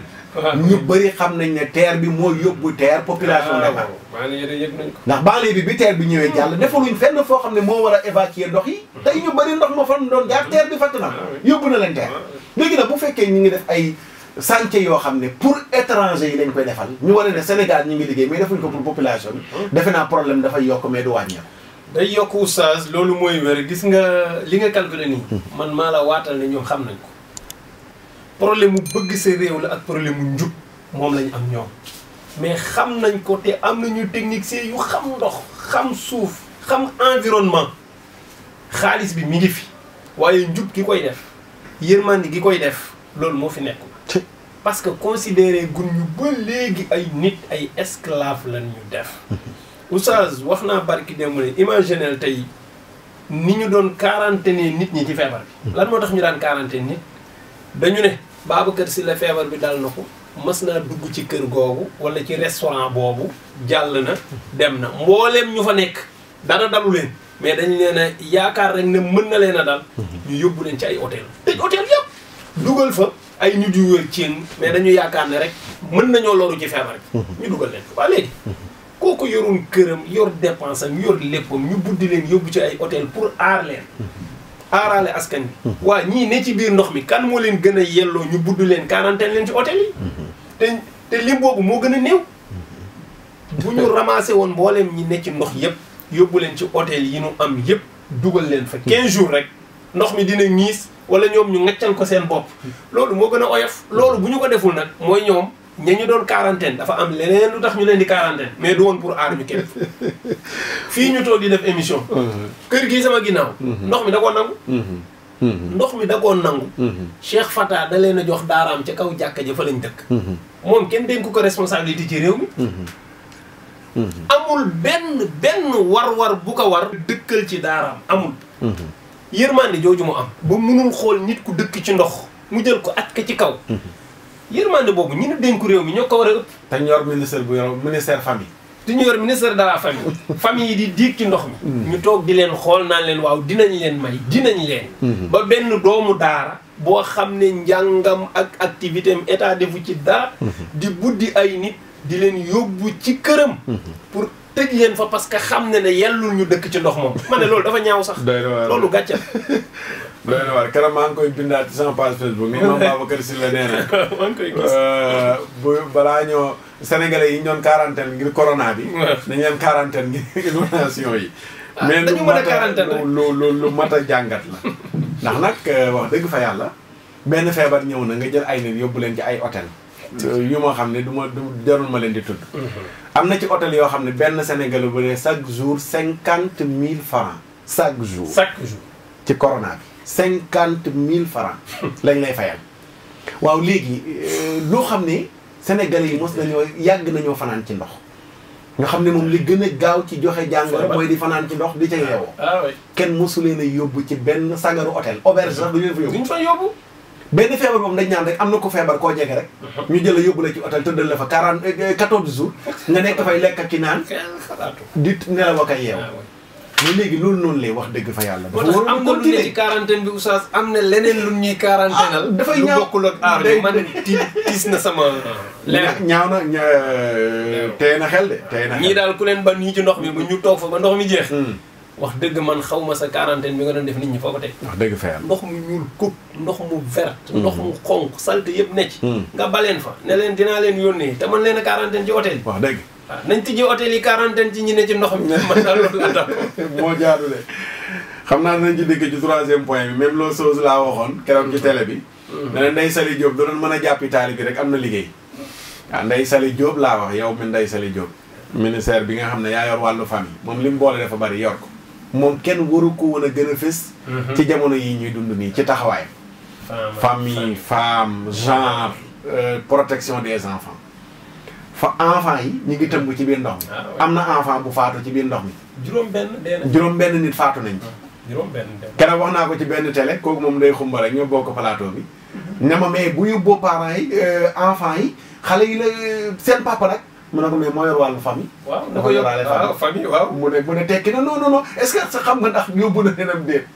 ñu bëri xam nañ ne TER bi moo yóbbu TER population ah, Dakar ndax banlieue bi bi teer bi ñëwee jàll defaluñ fenn foo xam ne moo war a évacuer ndox yi tey ñu bëri ndox moo fan doon jaar teer bi fatt na ah yóbbu na leen teer ah léegi bu fekkee ñu ngi def ay chantier yoo xam ne pour étranger yi koy defal ñu war a ne Sénégal ñu ngi liggéey mais defuñ ko pour population ah. defe naa problème dafa yokk mais du wàññeeku day yokk oustaz loolu mooy wér gis nga li nga calculer nii hmm. man maa la waatal ne ñoom xam nañ ko problème mu bëgg sa réew la ak problème mu njub moom lañ am ñoom mais xam nañ ko te am nañu technique see yu xam ndox xam suuf xam environnement xaalis bi mi ngi fi waaye njub gi koy def yërmande gi koy def loolu moo fi nekk parce que considéré gun ñu ba léegi ay nit ay esclave lan ñu def oustaz wax naa barki démb ne imaginel tey ni ñu doon quarantaine nit ñi ci feebar bi hmm. lan moo tax ñu daan quarantaine nit dañu ne kër si Sylla feebar bi dal na ko mas naa dugg ci kër googu wala ci restaurant boobu jàll na dem na mbooleem ñu fa nekk dara dalu leen mais dañ leen yaakaar rek ne mën na leen a dal mhm. ñu yóbbu leen ci ay hôtel te hôtel yëpp dugal fa ay nit yu wër ci mais dañu yaakaar ne rek mën nañoo loru ci feebar rek mhm. ñu dugal leen waa léegi mhm. kooku yorul këram yor dépense am yor léppam ñu buddi leen yóbbu ci ay hôtel pour aar leen aaraale askan bi waa ñii ne ci biir ndox mi kan moo leen gën a yelloo ñu budd leen quarantaine leen ci hôtel yi te te lim boobu moo gën a néew bu ñu ramassé woon mbooleem ñi nekk ci ndox yëpp yóbbu leen ci hôtel yi ñu am yëpp dugal leen fa 15 jours rek ndox mi dina ñiis wala ñoom ñu ngaccal ko seen bopp loolu moo gën a oyof loolu bu ñu ko deful nag mooy ñoom ña ñu doon quarantaine dafa am leneen lu tax ñu leen di quarantaine mais du woon pour aar kenn fii ñu toog yi def émission. Uh-huh. kër gii sama ginnaaw. Uh-huh. ndox mi da koo nangu. Uh-huh. ndox mi da koo nangu. Cheikh Fata da leen a jox daaraam ca kaw jàkka ja fa lañ dëkk. moom kenn dénku ko responsabilité ci réew mi. amul benn benn war-war bu ko war. dëkkal ci daaraam amul. yërmande jooju mu am. ba munul xool nit ku dëkk ci ndox mu jël ko at ko ci kaw. yërmande boobu ñi nu dénku réew mi ñoo ko war a ëpp. te ñu yor ministère bu yor ministère famille. te ñu yor ministère de la famille. famille yi di diig ci ndox mi. Mm. ñu toog di leen xool naa leen waaw dinañ leen may dinañ leen. Mm-hmm. ba benn doomu daara. boo xam ne njàngam ak activité am état defu ci dara. Mm-hmm. di buddi ay nit di leen yóbbu ci këram. Mm-hmm. pour tëj leen fa parce que xam ne ne yellul ñu dëkk ci ndox moom. ma ne loolu dafa ñaaw sax. loolu gàcce doy na waar maa ngi koy bindaat ci sama page Facebook ni moom Babacar Sylla nee na. maa ngi koy gis euh, bu balaa ñoo sénégalais yi ñu doon quarantaine ngir corona bi. nañu leen quarantaine ngir inondation yi. Ah, mais lu mat a lu lu lu mat jàngat la. ndax nag euh, wax dëgg fa yàlla benn feebar ñëw na nga jël ay nit yóbbu leen ci ay hôtel. Euh, yu ma xam ne du ma du jarul ma leen di tudd. Mm-hmm. am na ci hôtel yoo xam ne benn sénégalais bu ne chaque jour cinquante mille francs. chaque jour chaque ci corona cinquante mille francs lañ lay fayal waaw léegi euh, loo xam ni sénégalais yi mos nañoo yàgg nañoo fanaan ci ndox nga xam ne moom li gën a gaaw ci joxe jàngoro mooy di fanaan ci ndox di ca yeewoo ah, ah, kenn mosu leen a yóbbu ci benn sagaru hôtel auberge sax duñu ñu fa yóbbu benn feebar boobu dañ ñaan rek am na ko feebar koo jege rek uh-huh. ñu jël a yóbbu la ci hôtel tëddal la fa quarante euh, quatorze jours nga nekk fay lekk ak ki naan di nelaw ak a yeew ah, léegi loolu noonu lay wax dëgg fa yàlla. dafa war a am na lu ne ci quarantaine na leneen lu ñuy quarantainal. Ah, dafay ñaaw lu bokkul la aar bi man tiis na sama. leneen ñaaw na ña euh, na xel de tey na ñii daal ku leen ban ñii ci ndox mi bu mm. ñu toog fa ba ndox mi jeex. Mm. wax dëgg man xaw ma sa quarantaine bi nga doon def nit ñi foo ko tey. wax dëgg fa yàlla ndox mu ñuul kub ndox mu vert. Mm. ndox mu xonq salte yëpp necc. nga leen fa ne leen dinaa leen yónnee te man leen a quarantaine ci hôtel. wax dëgg. nañ tijji hôtel yi quarantaine ci ñi ne ci ndox mi. man daal loolu laa moo jaadule xam naa nañ ci dëkk ci troisième point bi même loolu chose laa waxoon keroog ci télé bi. Mm-hmm. ne la Ndeye Sali Diop doon mën a jàppi taali bi rek am na liggéey. waaw Ndeye Sali Diop laa wax yow mi Ndeye Sali Diop. ministère bi nga xam ne yaa yor wàllu famille moom li mu boole dafa bari yor ko. moom kenn waru ko woon a gën a fës. Mm-hmm. ci jamono yi ñuy dund nii ci taxawaayam. famille femme genre euh, protection des enfants. fa enfant yi ñu ngi ko ci biir ndox mi. Ah, am na enfant bu faatu ci biir ndox mi. juróom benn juróom benn nit faatu nañ ci. Ah, juróom benn wax naa ko ci benn télé kooku moom day xumba rek ñoo bokk plateau bi. Mhm. ne ma mais bu yóbboo parents yi euh, enfant yi xale yi la euh, seen papa nag. mu ne ko mais moo yor wàllu famille. waaw da ko yor waaw ah, famille waaw. mu ne mu tekki na non non non est xam nga ndax yóbbu na nenam déet.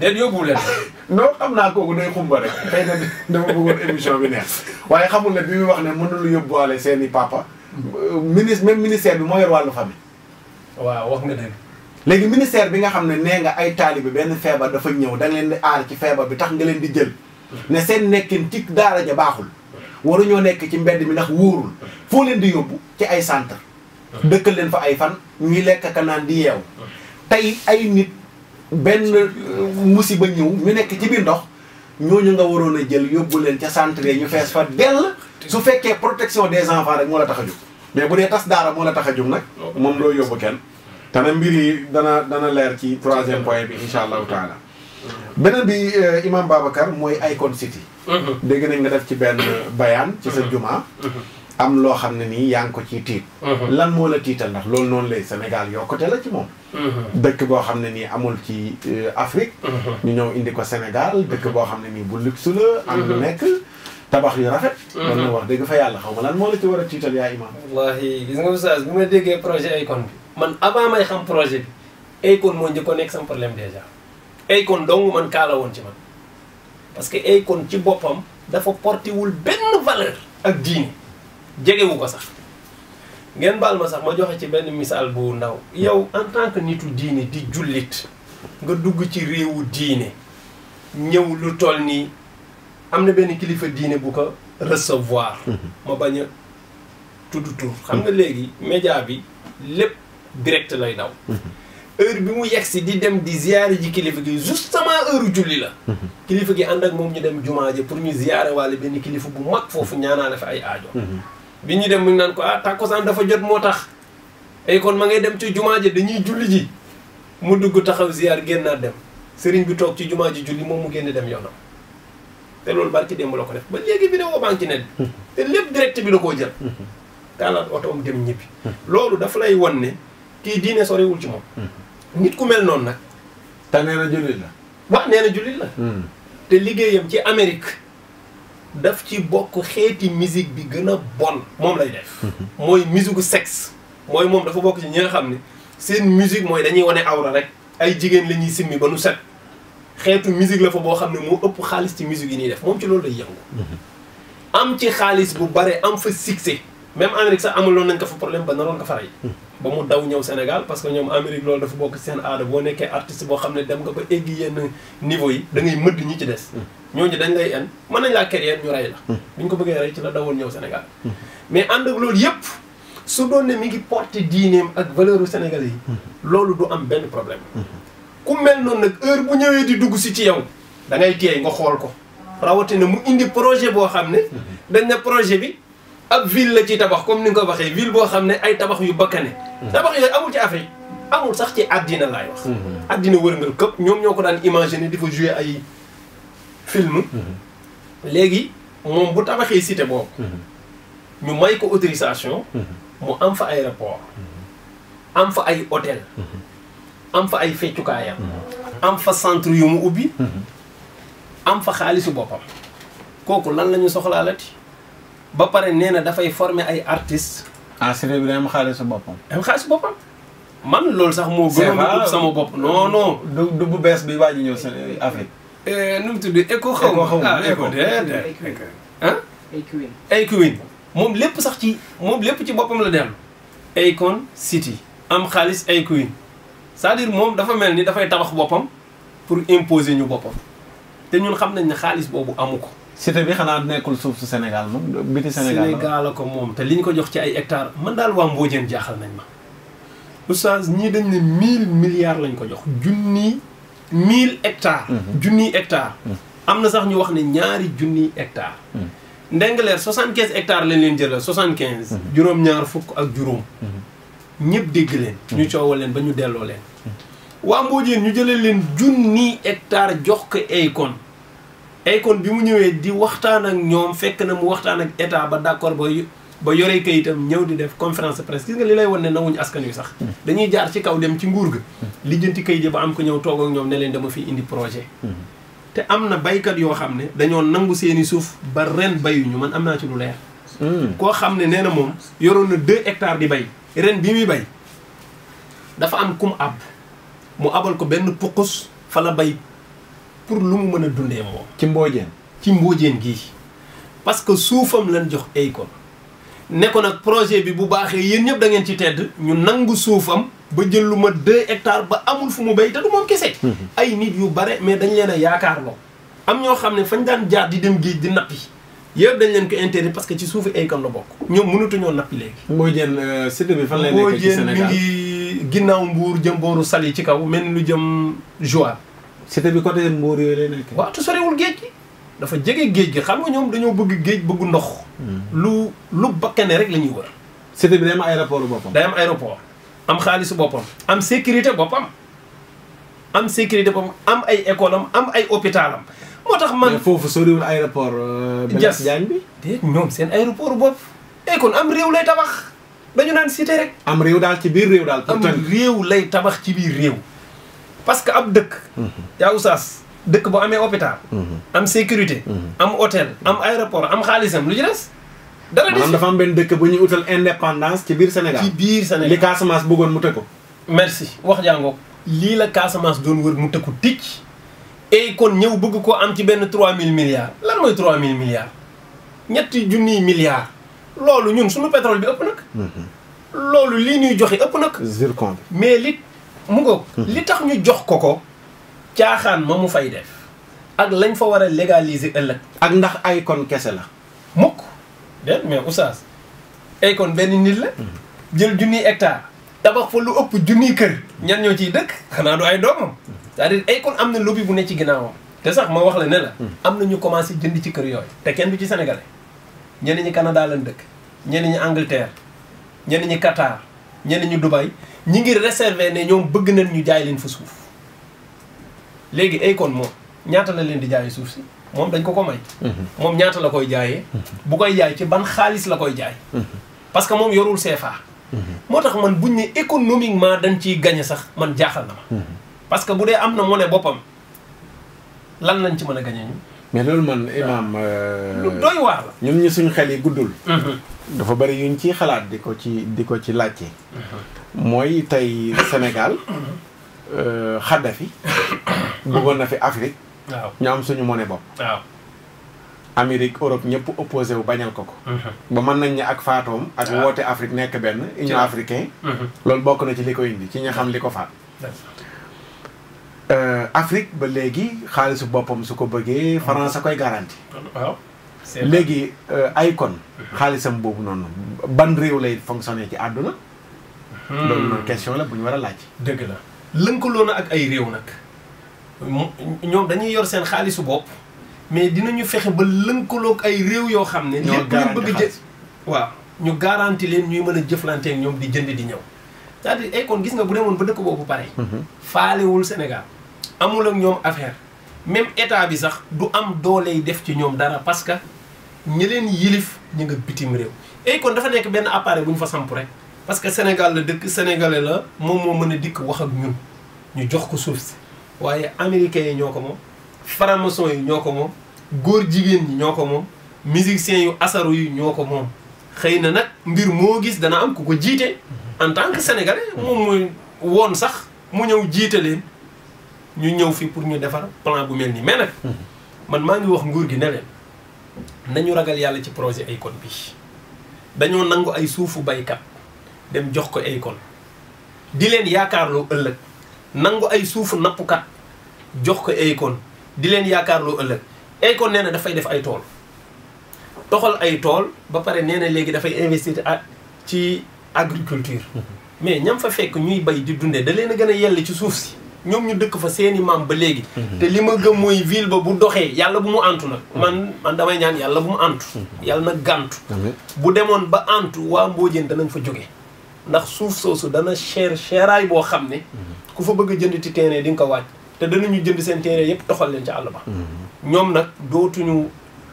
déet yóbbuwul leen. non xam naa kooku day xumba rek xëy na dama bëggoon émission bi neex waaye xamul ne bi muy wax ne mënul yóbbuwaale seeni i papa. ministre ministère bi moo yor wàllu famille. waaw wax nga dëgg. léegi ministère bi nga xam ne nee nga ay taalibe benn feebar dafa ñëw da leen di aar ci feebar bi tax nga leen di jël. ne seen nekkin ci daara ja baaxul. waruñoo nekk ci mbedd mi ndax wóorul. foo leen di yóbbu ci ay centre dëkkal leen fa ay fan ñuy lekk ka di yeew. tey ay nit. benn musiba ñëw ñu nekk ci biir ndox ñooñu nga waroon a jël yóbbu leen ca centre ñu fees fa dell su fekkee protection des enfants rek moo la tax a jóg mais bu dee tas daara moo la tax a jóg nag moom loo yóbbu kenn dana na yi dana dana leer ci troisième point bi insha allahu taala beneen bi euh, imam Babacar mooy Icon City mm-hmm. dégg nañ nga def ci benn bayaan ci sa mm-hmm. jumaa mm-hmm. am loo xam ne nii yaa ngi ko ciy tiit. Mhm. lan moo la tiital ndax loolu noonu lay Sénégal yokkute la ci moom. Mhm. dëkk boo xam ne nii amul ci euh, Afrique. Mhm. ñu ñëw indi ko Sénégal dëkk boo xam ne nii bu su la. am lu nekk tabax yu rafet. kon nag wax dëgg fa yàlla xaw ma lan moo la ci war a tiital yaa imaam. wallaahi gis nga Oustaz bu ma déggee projet Akon bi. man avant may xam projet bi Akon moo njëkkoon nekk sama problème dèjà. Akon dong man kaala woon ci man parce que Akon ci boppam dafa porté wul benn jegewu ko sax ngeen baal ma sax ma joxe ci benn misaal bu ndaw yow en tant que nitu diine di jullit nga dugg ci réewu diine ñëw lu toll nii am na benn kilifa diine bu ko recevoir mhm. ma bañ a tudd tur xam nga léegi média bi lépp direct lay daw mhm. heure bi mu yegsi di dem di ziyaare ji kilifa gi justement heure julli la mhm. kilifa gi ànd ak moom ñu dem jumaa ji pour ñu ziyaare walla benn kilifa bu mag foofu ñaanaa fa ay aajo bi ñuy dem mu ngi naan ko ah tàkkusaan dafa jot moo tax ay eh, kon ma ngay dem ci jumaa ji dañuy julli ji mu dugg taxaw ziar génnaat dem sëriñ bi toog ci jumaa ji julli moom mu génn dem yoonam te loolu barki démb la ko def ba léegi vidéo baa ngi ci net te lépp direct bi la koo jël taalaat otoom dem ñibbi loolu dafa lay won ne kii diine sorewul ci moom nit ku mel noonu nag te nee na jullit la wax nee na jullit la hmm. te liggéeyam ci Amérique daf ci bokk xeeti musique bi gën a bon moom lay def mooy musique sex mooy moom dafa bokk ci ñi nga xam ne seen musique mooy dañuy wane awra rek ay jigéen la ñuy simmi ba nu set xeetu musique la fa boo xam ne moo ëpp xaalis ci musique yi ñuy def moom ci loolu day yëngu mm-hmm. am ci xaalis bu bare am fa succès même Amérique sax amuloon nañ ko fa problème ba naroon ko fa rey hmm. ba mu daw ñëw Sénégal parce que ñoom Amérique loolu dafa bokk seen aada boo nekkee artiste boo xam ne dem nga ba eggi yenn niveau yi da ngay mëdd ñi ci des hmm. ñooñu dañ lay en mën nañ laa kër ñu rey la hmm. bi ñu ko bëggee rey ci la dawoon ñëw Sénégal mais ànd ak loolu yëpp su doon ne mi ngi porté diineem ak valeur u Sénégal yi loolu du am benn problème ku mel noonu nag heure bu ñëwee di dugg si ci yow da ngay nga xool ko rawatina mu indi projet boo xam ne dañ ne projet bi ab ville la ci tabax comme ni nga ko waxee ville boo xam ne ay tabax yu bakkane hmm. tabax yooyu amul ci Afrique amul sax ci àddina laay wax hmm. àddina wërngal këpp ñoom ñoo ko daan imaginer di fa jouer ay film hmm. léegi moom bu tabaxee cité boobu ñu may ko autorisation mu am fa ay aéroport am fa ay hôtel am fa ay feccukaayam am fa centre yu mu ubbi am fa xaalisu boppam kooku lan la ñu soxlaalati ba pare nee na dafay former ay artistes. ah Siré bi day am xaalis su boppam. am xaalis boppam man loolu sax moo. gënoon sama bopp non non. du du bu bees bi waa ji ñëw seen Afrique. Eh, nu mu tudd éco xaw ma éco ah éco déedéet. ah. Akewin Akewin moom lépp sax ci moom lépp ci boppam la dellu. Akon City am xaalis Akewin cest à moom dafa mel ni dafay tabax boppam pour imposer ñu boppam te ñun xam nañ ne xaalis boobu amu ko. cité bi xanaa nekkul suuf su Sénégal moom biti Sénégal la ko moom te li ñu ko jox ci ay ectare man daal waa Mbodiène jaaxal nañ ma. oustaz ñii dañ ne mille milliards lañ ko jox junni mille hectares. Mhm. junni hectares. Mhm. am na sax ñu wax ne ñaari junniy hectares. Mhm. Ndengler 75 hectares lañ leen jëlal 75. juróom-ñaar fukk ak juróom. ñëpp dégg leen. ñu coowal leen ba ñu delloo leen. waa Mbodiène ñu jëlee leen junniy hectares jox ko Akon. ay kon bi mu ñëwee di waxtaan ak ñoom fekk na mu waxtaan ak état ba d'accord ba ba yore kayitam ñëw di def conférence presse nga li lay wan ne nawuñu askan wi sax. Hmm. dañuy jaar ci kaw dem ci nguur ga. Hmm. lijjanti kayit yi ba am ko ñëw toog ak ñoom ne leen dama fi indi projet. Hmm. te am na baykat yoo xam ne dañoo nangu seeni suuf ba ren bayuñu man am naa ci lu leer. koo xam ne nee na moom yoroon na deux hectares di bay. ren bi muy bay dafa am kum ab mu abal ko benn pukus fa la bay pour lu mu mën a dundee moom. ci mboojeen ci mboojeen gii. parce que suufam leen jox Akon ne ko nag projet bi bu baaxee yéen ñëpp da ngeen ci tedd ñu nangu suufam ba jël lu ma deux hectares ba amul fu mu béy te du moom kese. Mhm. ay nit yu bare mais dañ leen a yaakaar loo am ñoo xam ne fañ daan jaar di dem gii di nappi yëpp dañ leen ko interdit parce que ci suufu Akon la bokk. ñoom mënatuñoo nappi léegi. mboojeen site euh, bi fan lay nekk ci Sénégal mboojeen ngi ginnaaw mbuur jëm booru Saly ci kaw mel lu jëm Joal. cité bi côté Mbour yooyu lay nekk. waaw te soriwul géej gi dafa jege géej gi xam nga ñoom dañoo bëgg géej bëgg ndox. Hmm. lu lu bakkane rek la ñuy wër. cité bi day am aéroport boppam. day am aéroport am boppam. am sécurité boppam am sécurité boppam am ay école am am ay hôpital moo tax man. foofu soriwul aéroport. Euh, Blaise Diagne bi déet ñoom seen aéroport bopp. eh kon am réew lay tabax dañu naan cité rek. am réew daal ci biir réew daal. am réew lay tabax ci biir réew. parce que ab dëkk. yaa oustaz dëkk bu amee hôpital. am sécurité. am hôtel am aéroport am xaalisam lu ci des. dara des dafa am benn dëkk bu ñuy utal indépendance ci biir Sénégal ci biir Sénégal li Casamance bëggoon mu teg ko. merci wax jàngoo lii la Casamance doon wër mu tëkku ticc et kon ñëw bëgg ko am ci benn mille milliards lan mooy 3000 milliards ñetti junniy milliards loolu ñun suma pétrole bi ëpp nag. Mhm. loolu lii ñuy joxe ëpp nag. zircon mu li tax ñu jox ko ko caaxaan ma mu fay def ak lañ fa war a légaliser ëllëg ak ndax ay kon kese la mukk déet mais oustaz ay kon benn nit la jël junni hectare tabax fa lu ëpp junniy kër ñan ñoo ciy dëkk xanaa du ay doomam c'est-à-dire ay kon am na bi bu ne ci ginnaawam te sax ma wax la ne la am na ñu commencé jënd ci kër yooyu te kenn du ci sénégalais ñenn ñi Canada lañ dëkk ñenn ñi Angleterre ñenn ñi Qatar ñenn ñi Dubaï ñi ngi réserver ne ñoom bëgg nañ ñu jaay leen fa suuf léegi Akon moom ñaata la leen di jaayee suuf si moom dañ ko ko may. Mhm. moom ñaata la koy jaaye mhm. bu koy jaay ci ban xaalis la koy jaay. Mhm. parce que moom yorul faa moo tax man buñ ne économiquement dañ ci gañe sax man jaaxal na ma. parce que bu dee am na mu ne boppam lan lañ ci mën a gañe ñu. mais loolu man imaam. Euh, lu doy waar la. ñun ñu suñu xel yi guddul. dafa bari yuñ ciy xalaat di ko ci di ko ci laaj yi mooy tey Sénégal Xaddafi euh, bëggoon na fi Afrique. ñoo am suñu monnaie bopp. waaw. Europe ñëpp opposé wu bañal ko ko. Mhm. ba mën nañ ne ak faatoom ak woote Afrique nekk benn Union africaine. Mhm. loolu bokk na ci li ko indi ci ñi xam li ko faat. Euh, Afrique ba léegi xaalisu boppam su ko bëggee France a koy garanti. waaw léegi euh, Icon. Mhm. xaalisam boobu noonu ban réew lay fonctionné ci àdduna. Hmm. loolu noonu question la bu ñu war a laaj. dëgg la lënkaloo na ak ay réew nag ñoom dañuy yor seen xaalisu bopp mais dinañu fexe ba lënkaloog ay réew yoo xam ne. lépp lu bëgg jë waaw ñu garanti leen ñuy mën a jëflanteeg ñoom di jënd di ñëw. c'est-à-dire eh, kon gis nga bu demoon ba dëkk boobu pare. Mhm. faalewul Sénégal amul ak ñoom affaire même état bi sax du am dooley def ci ñoom dara parce que ñi leen yilif ñu nga bitim réew. ay eh, kon dafa nekk benn appareil bu ñu fa sampu rek. parce que Sénégal la dëkk sénégalais la moom moo mën a dikk wax ak ñun ñu jox ko suuf si waaye américains yi ñoo ko moom franc-maçon yi ñoo ko moom góor jigéen ñi ñoo ko moom musiciens yu asaru yi ñoo ko moom xëy na nag mbir moo gis dana am ku ko jiite en tant que woon sax mu ñëw jiite leen ñu ñëw fii pour ñu defar plan bu mel nii mais nag mhm. man maa ngi wax nguur gi ne leen nañu ragal yàlla ci projet Akon bi dañoo nangu ay suufu baykat dem jox ko Akon di leen yaakaarloo ëllëg nangu ay suufu nappkat jox ko Akon di leen yaakaarloo ëllëg Akon nee na dafay def ay tool toxal ay tool ba pare nee na léegi dafay investir ci agriculture mm-hmm. mais ñam fa fekk ñuy bay di dundee da leen a gën a yell ci suuf si ñoom ñu dëkk fa seeni maam ba léegi mm-hmm. te li ma gëm mooy ville ba bu doxee yàlla bu mu antu nag mm-hmm. man man damay ñaan yàlla bu mu antu yàlla na gàntu bu demoon ba antu waa Mbodiène danañ fa jóge ndax suuf soosu dana cher cheraay boo xam ne mhm. ku fa bëgg a jënd ci terrain di nga ko wàcc te dana ñu jënd seen terrain yëpp toxal leen ci àll ba mhm. ñoom nag dootu dootuñu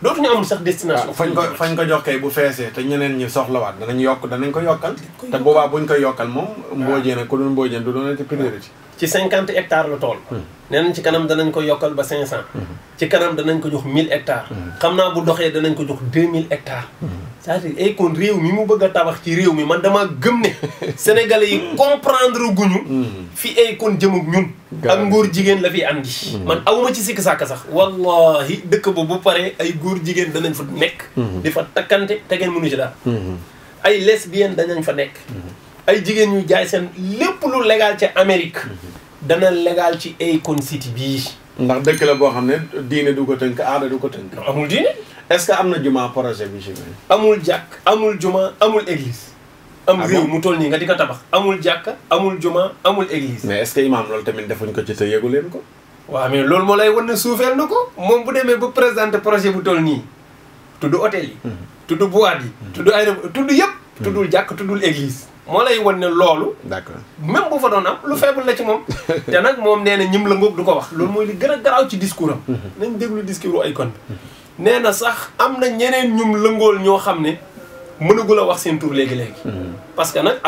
dootuñu amul sax destination fañ ko fañ ko jox kay bu feesee te ñeneen ñi soxlawaat ñu yokk danañ ko yokkal te boobaa buñ koy yokkal moom mboojee nag ku doon mboojee du doonati priorité ci cinquante hectares la tool hmm. nee nañ ci kanam danañ ko yokkal ba cinq cent mhm. ci kanam danañ ko jox mille hectares mhm. xam naa bu doxee danañ ko jox deux mille hectares mhm. c'est-à-dire ay eh, kon réew mi mu bëgg a tabax ci réew mi man damaa gëm ne sénégalais yi comprendre guñu fi ay eh, kon jëmug ñun ak ngóor jigéen la fi andi man awuma ci sikk sàkk sax wallahi dëkk ba bu paree ay góor jigéen danañ fa nekk di fa takkante te ngeen mënu ci daal ay lesbiennes danañ fa nekk ay jigéen ñu jaay seen lépp lu legal ci Amérique dana légal ci Akon City bii. ndax dëkk la boo xam ne diine du ko tënk aada du ko tënk. amul diine. est-ce que am na juma projet bi ci amul jàkk amul juma amul église. am ah réew mu toll nii nga di ko tabax. amul jàkk amul juma amul église. mais est-ce que imaam loolu tamit defuñ ko ci te yëgu leen ko. waa mais loolu moo lay wan ne suufeel na ko moom bu demee ba présenté projet bu toll nii tudd hôtel yi. Mhm. tudd boîte yi. Mhm. tudd aéroport tudd yëpp. Mhm. tuddul jàkk tuddul église. moo lay wan ne loolu. d'accord même bu fa doon am lu faible la ci moom. te nag moom nee na ñim la ngoog du ko wax. loolu mooy li gën a garaaw ci discours am. Mm-hmm. nañ déglu discours ay kon bi nee na sax am na ñeneen ñum lëngool ñoo xam ne mënagul a wax seen tur léegi léegi. Mm-hmm. parce que mm-hmm.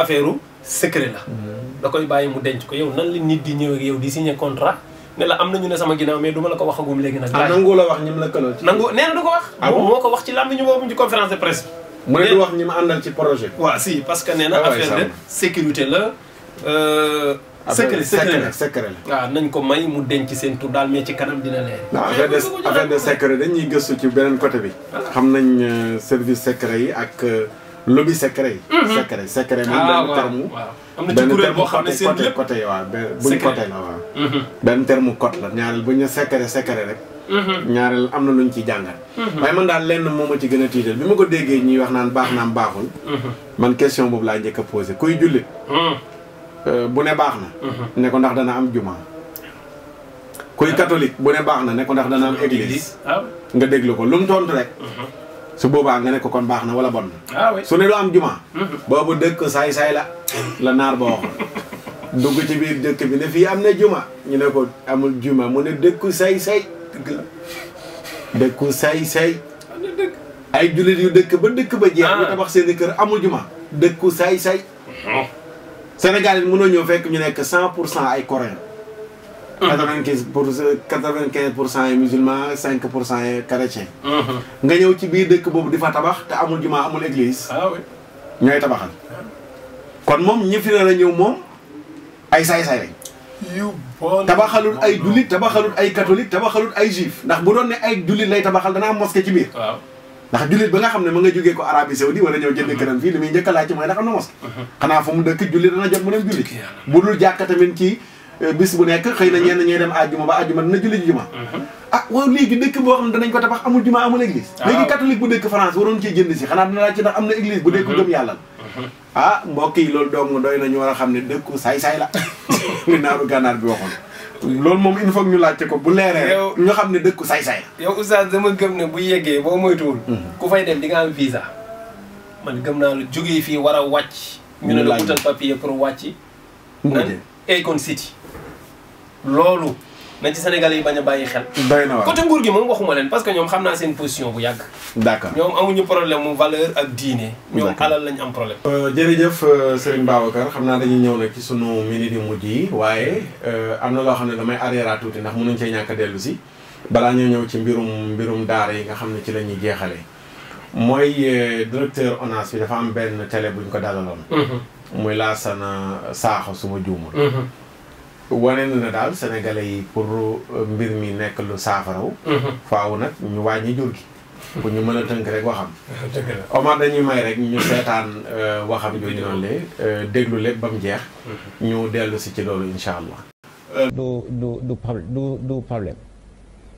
na ñu ne sama ginnaaw mais du ma la ko waxagum léegi nag. ah nangu la wax ñim la këloo ci. nangu nee na du ko wax. Ah moo ko wax ci làmmiñu boobu ci conférence de presse bi. mu ne wax ñi ma àndal ci projet waaw si parce que nee na ah affaire de sécurité la euh, secret secret secret la waa nañ ko may mu denc seen tur daal mais ci kanam dina leen affaire de de secret dañuy gëstu ci beneen côté bi xam nañ euh, service secret yi ak euh, lobby secret yi mhm. secret secret moom ah, benn terme am na ci kuréel boo xam ne seen lépp côté côté waaw benn buñ côté la waaw mhm. benn terme code la ñaareel bu ñu secret secret rek Mm-hmm. ñaareel am na lu ñu ci jàngal mm-hmm. waaye man daal lenn moom ma ci gën a tiital bi ma ko déggee ñuy wax naan baax naam baaxul mm-hmm. man question boobu laa njëkk a posé kuy jullit mm. euh, ah. bu ne baax na ne ko ndax dana am jumaa kuy catholique ne baax na ne ko ndax dana am église ah. nga déglu ko lu mu tontu rek su boobaa nga ne ko kon baax na wala bon na ah, su ne du am jumaa boobu dëkk saay-saay la la naar ba waxoon dugg ci biir dëkk bi ne fii am na juma ñu ne ko amul juma mu ne dëkk say-say dëgg la. dëkku say say. ay jullit yu dëkk ba dëkk ba jeex. Ah. ñu tabax seen kër amul juma. dëkku say say. Oh. Sénégal yi munoo ñëw fekk ñu nekk cent pour cent ay coréens. quatre-vingt-quinze uh-huh. pour quatre-vingt-quinze pour cent yi musulmans cinq pour cent yi chrétiens. Uh-huh. nga ñëw ci biir dëkk boobu di fa tabax te amul juma amul église. ah ñooy tabaxal. kon moom ñi la ñëw moom ay say say lañ. tabaxalul ay jullit tabaxalul ay catholique tabaxalul ay juif ndax bu doon ne ay jullit lay tabaxal danaa am mosquée ci biir ndax jullit ba nga xam ne ma nga jógee ko Arabie Saoudi wala ñëw jënd mhm. këram fii li muy njëkk a laaj ci mooy ndax am na mosquée mhm. xanaa fu mu dëkk jullit dana jot euh, na mhm. ñenn ñooy dem àjjuma ba ah, ne ko tabax amul juma amul église ah. léegi catholique bu dëkk France waroon cee jënd si xanaa dana laaj ci ndax am na église bu dëkk ah, a xam ne dëkku saay-saay la li naaru gànnaar bi waxoon. loolu moom il faut ñu laajte ko bu leeree. yow ñu xam ne dëkku say-say. yow oustaz dama gëm ne bu yeggee boo moytuwul. Mhm. ku fay dem di nga am visa. man gëm naa lu jógee fii war a wàcc. ñu ne la wutal papier pour wàcc. mu ngi City. loolu. nañ ci Sénégalais yi bañ a bàyyi xel. doy na waaw côté nguur gi moom waxuma leen parce que ñoom xam naa seen position bu yàgg. d' accord ñoom amuñu problème mu valeur ak diine. ñoom alal lañ am problème. Euh, jërëjëf euh, Serigne Babacar xam naa dañuy ñëw nag ci sunu minute yu mujj yi waaye euh, am na loo xam ne damay arrière tuuti ndax mun mënuñ cee ñàkk dellu si balaa ñoo ñëw ci mbirum mbirum daara yi nga xam ne ci la ñuy jeexalee mooy directeur ONAS yi dafa am benn télé buñ ko dalaloon. Mm-hmm. muy Lassana Sakho suma juumul. Mm-hmm. wane na daal sénégalais yi pour euh, mbir mi nekk lu saafaraw mhm. faaw nag ñu wàññi jur gi bu ñu mën a tënk rek waxam Omar dañuy may rek ñu seetaan euh, waxam jooju noonu le euh, déglu lépp ba mu jeex mhm. ñu dellu si ci loolu insha allah du du du problème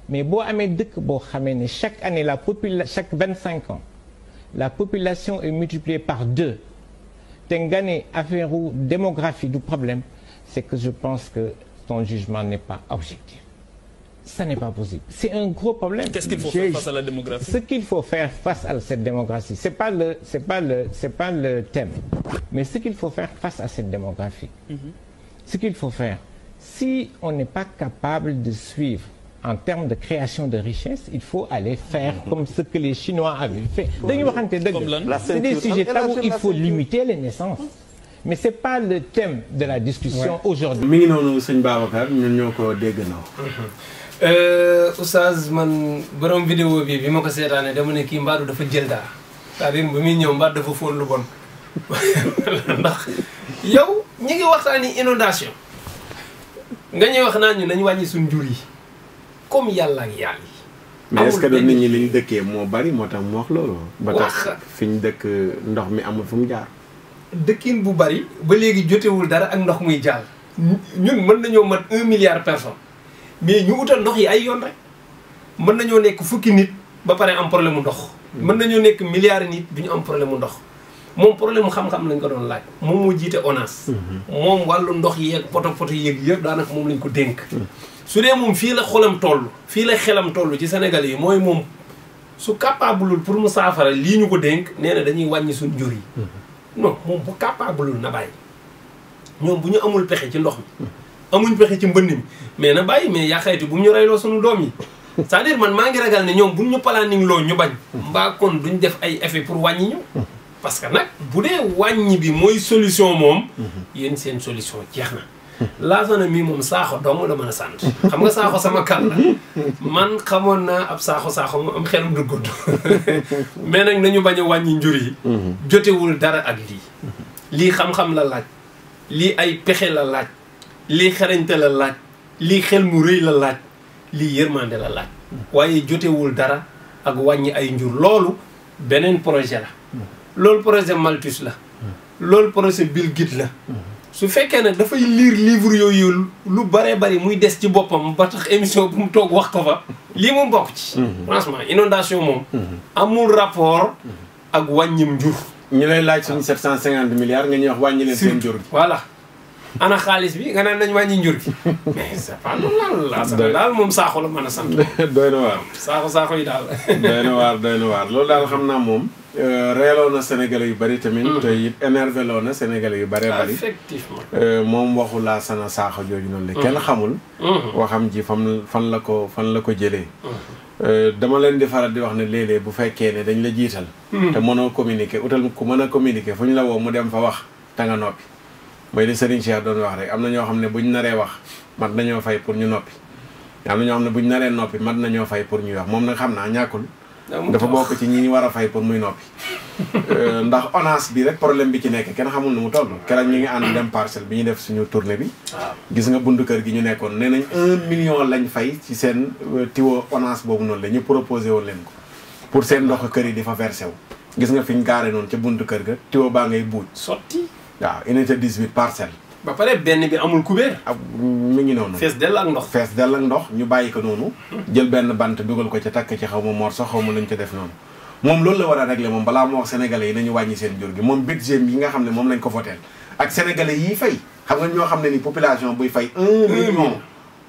mais boo amee dëkk boo xamee ne chaque année la population chaque vingt cinq ans la population est multipliée par deux te nga ne affaire démographie du problème c'est que je pense que son jugement n'est pas objectif. Ça n'est pas possible. C'est un gros problème. Qu'est-ce qu'il faut faire face à la démographie Ce qu'il faut faire face à cette démographie, c'est pas le, c'est pas le, c'est pas le thème, mais ce qu'il faut faire face à cette démographie, mm -hmm. ce qu'il faut faire, si on n'est pas capable de suivre en termes de création de richesse, il faut aller faire comme ce que les Chinois avaient fait. Comme la C'est des sujets tabous, il faut limiter les naissances. mais c'est pas le thème de la discussion aujourd'hui mi ngi noonu sëñ Babacar ñun ñoo ko dégg naw euh, Oustaz man borom vidéo bi bi ma ko seetaanee dama ne kii mbaadu dafa jël daa cest à muy ñëw mbaadu dafa fóon lu bon ndax yow ñi ngi waxtaani inondation nga ñuy wax naa ñu nañ wàññi suñ jur yi comme yàlla ak yàlla yi mais est-ce que doon nit ñi li dëkkee moo bari moo tax mu wax loolu ba tax fi ñu dëkk ndox mi amul fu mu jaar dëkkin bu bari ba léegi jotewul dara ak ndox muy jàll ñun mën nañoo mat un milliard personne mais ñu utal ndox yi ay yoon rek mën nañoo nekk fukki nit ba pare am problème mu ndox hmm. mën nañoo nekk milliard nit bi ñu am problème mu ndox moom problème mu xam-xam lañ ko doon laaj moom moo jiite ONAS hmm. moom wàllu ndox yeeg poto poto yeeg yëpp daanaka moom lañ ko dénk hmm. su dee moom fii la xolam toll fii la xelam toll ci Sénégal yi mooy moom su capableul pour mu saafara lii ñu ko dénk nee dañuy wàññi suñ jur yi non moom bu capableul na bàyyi ñoom bu ñu amul pexe ci ndox mi amuñ pexe ci mbënd mi mais na bàyyi mais yaa xayti bu mu ñu reyloo suñu doom yi cest à man maa ngi ragal ne ñoom buñ ñu planning loo ñu bañ mbaa kon duñ def ay effet pour wàññi ñu parce que nag bu dee wàññi bi mooy solution moom yéen seen solution jeex na laasana mii moom saaxo dong la mën a sant xam nga saaxo sama kan la man xamoon naa ab saaxo saaxo mu am xelum duggut mais nag nañu bañ wàññi njur yi jotewul dara ak lii lii xam-xam la laaj lii ay pexe la laaj lii xarañte la laaj lii xel mu rëy la laaj lii yërmande la laaj waaye jotewul dara ak wàññi ay njur loolu beneen projet la loolu projet Malthus la loolu projet Bill Gates la su fekkee nag dafay liir livre yooyu lu bare bari muy des ci boppam ba tax émission bu mu toog wax ko fa lii moom mbokk ci mhm. franchement inondation moom mhm. amul rapport ak wàññim jur ñu lay laaj suñu sept cent cinquante milliards nga ñuy wax wàññi leen seen jur voilà ana xaalis bi nga naan nañ wàññi njur gi mais c'est pas normal la daal moom saaxu la mën a sant doy na waar saaxu saaxu yi daal doy na waar doy na waar loolu daal xam naa moom euh, reeloo na sénégalais yu bari tamit mm-hmm. te it énervé na sénégalais yu bëree bari effectivement euh, moom waxu laa sana saaxu jooju noonu la kenn mm-hmm. xamul mm-hmm. waxam ji fan fan la ko fan la ko jëlee euh, dama leen di faral di wax ne léeg bu fekkee ne dañ la jiital te mënoo communiquer utal ku mën a communiquer fu ñu la mu dem fa wax te nga mooy li Serigne Cheikh doon wax rek am na ñoo xam ne bu ñu naree wax mat nañoo fay pour ñu noppi am na ñoo xam ne buñ naree noppi mat nañoo fay pour ñuy wax moom nag xam naa ñàkkul. dafa bokk ci ñi war a fay pour muy noppi. Euh, ndax ONAS bi rek problème bi ci nekk kenn xamul nu mu toll. keroog ñu ngi ànd dem parcelle bi ñu def suñu tournée bi. Ah. gis nga buntu kër gi ñu nekkoon nee nañ un million lañ fay ci seen euh, tiwo ONAS boobu noonu la ñu proposé woon leen ko. pour seen ndox kër yi di fa versé wu. gis nga fi ñu gaare noonu ca buntu kër ga tiwo baa ngay buuj. sotti. waaw unité 18 parcelle. ba pare benn bi amul kubéer. ak ah, mu ngi noonu. fees dell ak ndox fees dell ak ndox ñu bàyyi ko noonu. jël benn bant dugal ko ca takk ci xaw ma moor sax xaw ma lañ ca def noonu. moom loolu la war a régler moom balaa moo wax sénégalais yi nañu wàññi seen jur gi moom budget yi nga xam ne moom lañ ko voteel ak sénégalais yiy fay xam nga ñoo xam ne ni population buy fay un million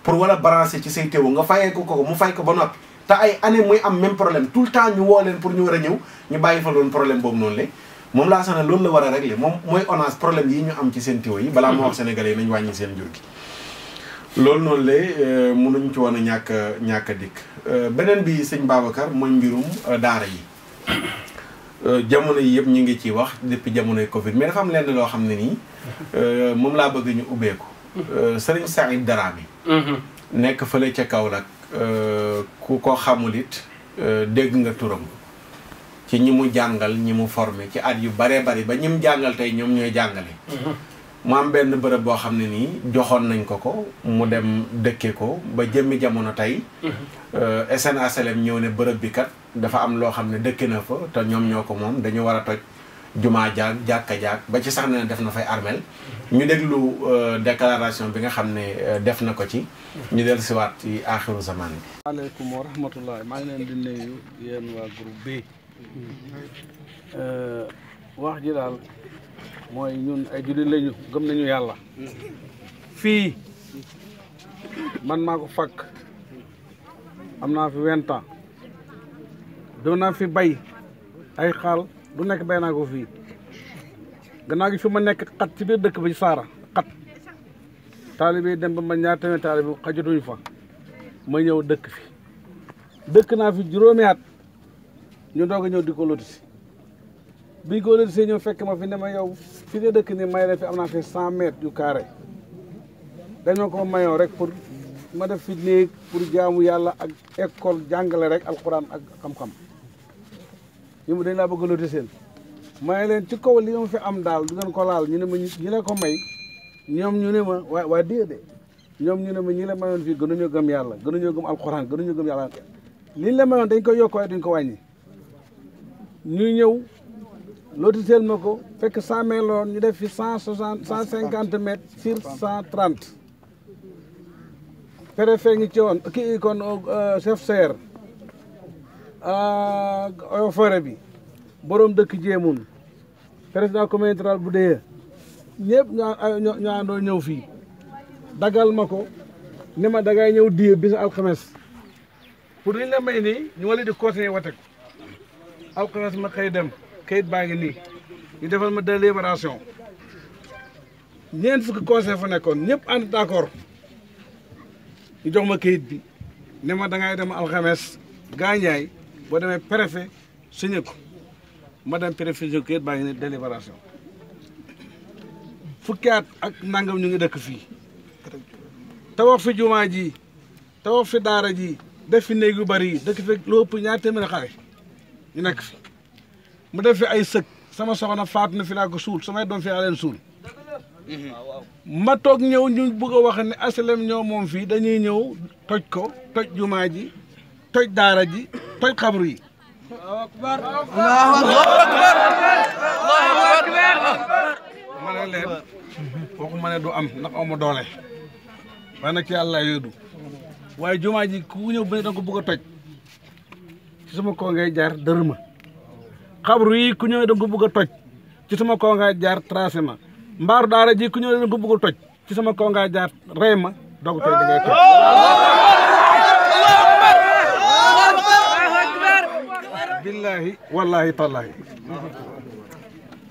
pour war a branché ci say teewu nga fayee ko kooku mu fay ko ba noppi te ay année muy am même problème tout le temps ñu pour ñu war a ñëw ñu bàyyi fa loon problème boobu noonu moom laa sax ne loolu la war a régler moom mooy ONAS problème yi ñu am ci seen tuyau yi. balaa ma wax mhm. sénégalais nañ wàññi seen jur gi. loolu noonu la euh, mënuñ ci woon a ñàkk ñàkk a dikk euh, beneen bi sëñ Babacar mooy mbirum euh, daara yi jamono yi yëpp ñu ngi ciy wax depuis jamonoy Covid mais dafa am lenn loo xam ne nii moom laa bëgg ñu ubbeeku. sëriñ daraa bi nekk fële ca Kaolack ku ko xamul it dégg nga turam. ci ñi mu jàngal ñi mu formé ci at yu baree bari ba ñi jàngal tey ñoom ñooy jàngale mm-hmm. mu am benn bërëb boo xam ne nii joxoon nañ ko ko mu dem dëkke ko ba jëmmi jamono tey mm-hmm. euh, SNA e ñëw ne bërëb bi kat dafa am loo xam ne dëkke na fa te ñoom ñoo ko moom dañu war a toj jumaa jaag jàkk jaag ba ci sax ne def na fay armel mm-hmm. ñu déglu euh, déclaration bi nga xam ne euh, def na ko ci ñu del siwaat ci aaxiru zamaan bi aleykum bi Euh, wax ji daal mooy ñun ay jullit lañu gëm nañu yàlla fii man maa ko fakk am naa fi vingt ans doon naa fi bay ay xaal du nekk bay naa ko fii gannaaw gi fi ma nekk xat ci biir dëkk bi saara xat taalibe dem ba ma ñaar tamit taalibe xajatuñ fa ma ñëw dëkk fi dëkk naa fi juróomi at ñu doog a ñëw di ko lotissé biñ ko lotissé ñëw fekk ma fi ne ma yow fi nga dëkk ne may fi am naa fi cent mètres yu carré dañoo ko mayo rek pour ma def fi néeg pour jaamu yàlla ak école jàngale rek alxuraan ak xam-xam ñu mu dañ laa bëgg a lotissé may leen ci kaw li nga fi am daal du ngeen ko laal ñu ne ma ñi la ko may ñoom ñu ne ma waa waa déedéet ñoom ñu ne ma ñi la mayoon fii gënuñoo gëm yàlla gënuñoo gëm alxuraan gënuñoo gëm yàlla liñ la mayoon dañ koy yokk waaye duñ ko wàññi ñu ñëw lotisseel ma ko fekk cent mètres la ñu def fi cent soisante cent cinquante mètres sur cent trente préfet ngi ci woon kii kon euh, chef seer euh, eaux forêt bi borom dëkk jéemun président communauté rurale bu dee ñëpp ñu àndoo ñëw fii dagal ma ko ne ma dangay ñëw die bi sa alxames pour liñ la may ñu wala di continuer wate alxames ma xëy dem kayit baa ngi nii ñu defal ma délibération ñeent fukki conseil fa nekkoon ñëpp ànd d'accord ñu jox ma kayit bi ne ma da ngay dem alxames gaañaay boo demee préfet signé ko ma dem préfet signé kayit baa ngi nii délibération fukki at ak nangam ñu ngi dëkk fii tabax fi jumaa ji tabax fi daara ji def fi néeg yu bari yi dëkk fi lu ëpp ñaar téeméeri xale ñu nekk fi mu def fi ay sëg sama soxna faat na fi laa ko suul samay doom fi laa leen suul ma toog ñëw ñu bëgg a wax ne aslem ñoo moom fii dañuy ñëw toj ko toj jumaa ji toj daara ji toj xabru yi ma ne leen waxu ma ne du am ndax aw doole waaye nag ci yàlla yoodu waaye jumaa ku ñëw bu danga ko a toj ci sama kaw ngay jaar dër ma xabru yi ku ñëwee da nga ko bëgg a toj ci sama kaw ngay jaar tracé ma mbaaru daara ji ku ñëwee da nga ko bëgg a toj ci sama kaw ngay jaar rey ma doog toj da ngay toj billaahi wallaahi tallaahi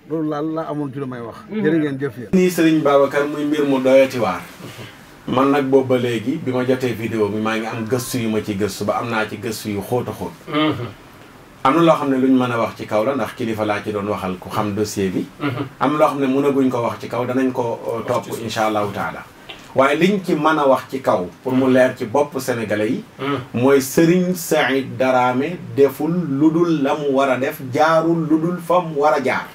loolu laal la amoon ci lu may wax jërë ngeen jëf ya nii sëriñ Babacar muy mbir mu doyati waar man nag boobu ba léegi bi ma jotee video bi maa ngi am gëstu yu ma ci gëstu ba am naa ci gëstu yu xóot xóot mm-hmm. am na loo xam ne luñ mën a wax ci kaw la ndax kilifa laa ci doon waxal ku xam dossier bi mm-hmm. am na loo xam ne mënaguñ ko wax ci kaw danañ ko euh, topp incha allahu taala waaye liñ ci mën a wax ci kaw pour mu leer ci bopp sénégalais yi mm-hmm. mooy Serigne Saïd Darame deful lu dul la mu war a def jaarul lu dul fa mu war a jaar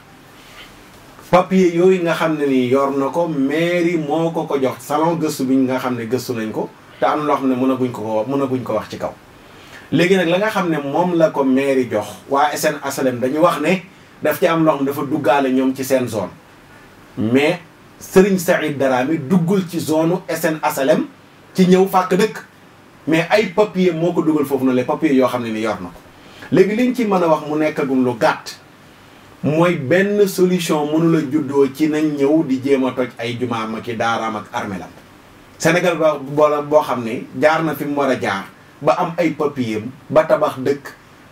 papier yooyu nga xam ne nii yor na ko mairie moo ko ko jox salon gëstu bi ñu nga xam ne gëstu nañ ko te am na loo xam ne mënaguñ ko ko ko wax ci kaw. léegi nag la nga xam ne moom la ko mairie jox waa SN HLM dañu wax ne daf ci am loo dafa duggaale ñoom ci seen zone mais Serigne Saïd Darame duggul ci zone SN HLM ci ñëw fàkk dëkk mais ay papier moo ko dugal foofu na les papiers yoo xam ne ni yor na ko léegi liñ ci mën a wax mu nekkagum lu gàtt. mooy benn solution mënula juddoo ci nañ ñëw di jéem a toj ay jumaam ak i daaraam ak armelam Sénégal ba boola boo xam ne jaar na fi war a jaar ba am ay papier ba tabax dëkk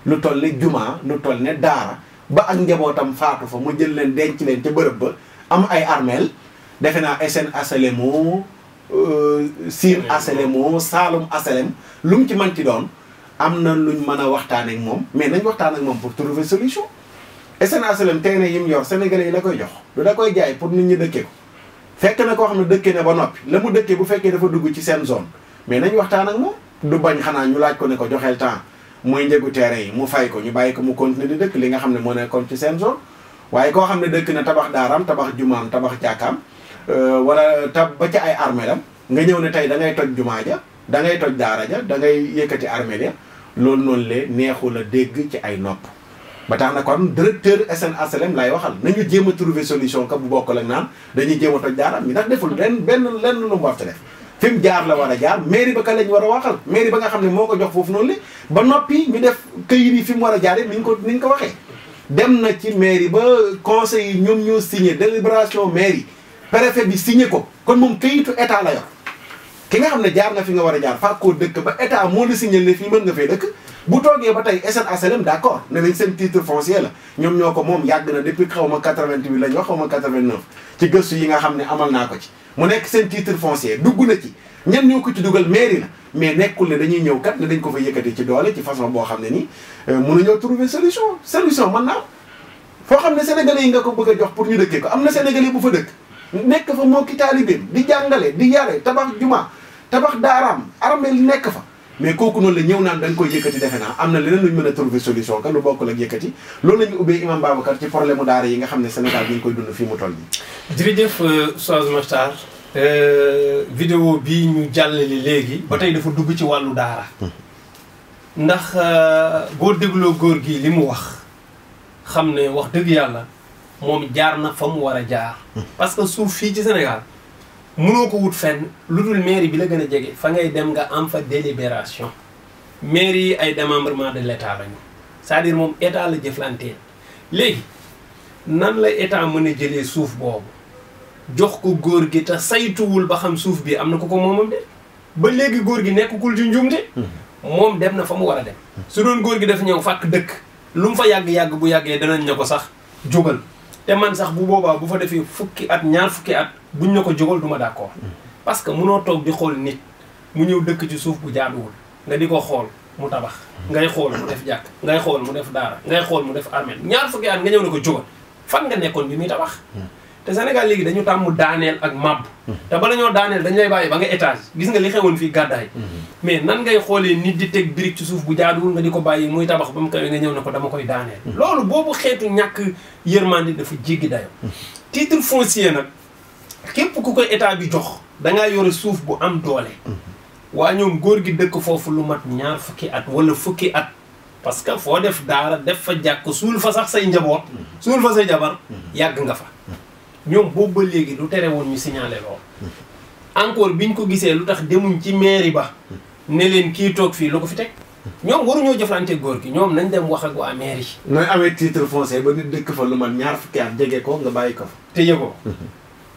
lu toll ne jumaa lu toll ne daara ba ak njabootam faatu fa mu jël leen denc leen ca bërëb ba am ay armeel defe naa SN asalem oo euh, Sine asalem oo Saalum asalem lu mu ci ci doon am na luñ mën a waxtaan ak moom mais nañ waxtaan ak moom pour trouver solution SN HLM terrain yi mu yor sénégalais yi la koy jox du da koy jaay pour nit ñi dëkkee ko fekk na koo xam ne dëkkee ne ba noppi la mu dëkkee bu fekkee dafa dugg ci seen zone mais nañ waxtaan ak moom du bañ xanaa ñu laaj ko ne ko joxeel temps mooy njëgu terrain yi mu fay ko ñu bàyyi ko mu continuer di dëkk li nga xam ne moo nekkoon ci seen zone waaye koo xam ne dëkk na tabax daaraam tabax jumaam tabax jàkkaam euh, wala tab ba ci ay armée lam nga ñëw ne tey da ngay jumaa ja da ngay toj ja da ngay yëkkati armée loolu noonu le neexu la dégg ci ay nopp ba tax na kon directeur SNHLM lay waxal nañu jéem a trouver solution ka bu bokk la naan dañuy jéem a toj daaraam ñi ndax deful benn benn lenn lu mu war def fi jaar la war a jaar mairie ba ka lañ war a waxal mairie ba nga xam ne moo ko jox foofu noonu le ba noppi ñu def këyit yi fi mu war a jaar yi ni ñu ko ni ñu ko waxee dem na ci mairie ba conseil yi ñoom ñoo signé délibération mairie préfet bi signé ko kon moom këyitu état la yor ki nga xam ne jaar nga fi war a jaar fàkkoo dëkk ba état moo la signé ne fii mën nga dëkk bu toogee ba tey SNHLM d' accord ne nañ seen titre foncier la ñoom ñoo ko moom yàgg na depuis xaw ma 88 lañ wax xaw ma 89 ci gëstu yi nga xam ne amal naa ko ci mu nekk seen titre foncier dugg na ci ñan ñoo ko ci dugal mairie la mais nekkul ne dañuy ñëw kat ne dañ ko fa yëkkati ci doole ci façon boo xam ne nii euh, mënuñoo trouver solution solution mën naa foo xam ne sénégalais yi nga ko bëgg a jox pour ñu dëkkee ko am na sénégalais bu fa dëkk nekk fa moo ki taalibeem di jàngale di yare tabax juma tabax daaraam armée li nekk fa mais kooku noonu la ñëw naan da nga koy yëkkati defe naa am na leneen luñ mën a trouver solution ka lu bokkul ak yëkkati loolu nga xam ne Sénégal ñu ngi koy dund fii mu toll nii. jërëjëf euh, Oustaz Makhtar. Euh, vidéo bi ñu jàllale léegi. ba tey dafa dugg ci wàllu daara. ndax euh, boo dégloo góor gi li mu wax xam ne wax dëgg yàlla moom jaar na fa mu war a jaar. Hmm. parce que suuf fii ci Sénégal. mënoo ko wut fenn lu dul mairie bi la gën a jege fa ngay dem nga am fa délibération mairie yi ay démembrement de l' état lañu cest à moom état la jëflanteel léegi nan la état mën a jëlee suuf boobu jox ko góor gi te saytuwul ba xam suuf bi am na ko ko moomam de ba léegi góor gi nekkul ci njuumte hmm. moom dem na fa mu war a dem su doon góor gi dafa ñëw fàkk dëkk lu mu fa yàgg-yàgg bu yàggee danañ ne ko sax jógal te man sax bu boobaa bu fa defee fukki at ñaar fukki at bu buñ la ko jógal du ma d'accord mm. parce que munoo toog di xool nit mu ñëw dëkk ci suuf bu jaaduwul nga di ko xool mu tabax mm. ngay xool mu def jàkk ngay xool mu def daara ngay xool mu def armée ñaar fukki at nga ñëw ne ko jógal fan nga nekkoon bi muy tabax mm. te Sénégal léegi dañu tàmm daaneel ak màbb te bala ñoo daaneel dañu lay bàyyi ba nga étage gis nga li xewoon fii gàddaay mhm. mais nan ngay xoolee nit di teg brique ci suuf bu jaaduwul nga di ko bàyyi muy tabax ba mu kawee nga ñëw ne ko dama koy daaneel mhm. loolu boobu xeetu ñàkk yërmande dafa jéggi dayo mhm. titre foncier nag képp ku koy état bi jox dangay yore suuf bu am doole waa ñoom góor gi dëkk foofu lu mat ñaar fukki at wala fukki at parce que foo def daala def fa jàkk suul fa sax say njaboot suul fa yàgg nga fa ñoom boobu ba léegi lu tere woon ñu signalé lool. encore biñ ko gisee lu tax demuñ ci mairie ba. ne leen kii toog fii ko fi teg. ñoom waruñoo jëflante góor gi ñoom nañ dem wax ak waa mairie. nooy amee titre ba nit dëkk fa lu mat fukki at jege ko nga bàyyi ko fa. te yëgoo.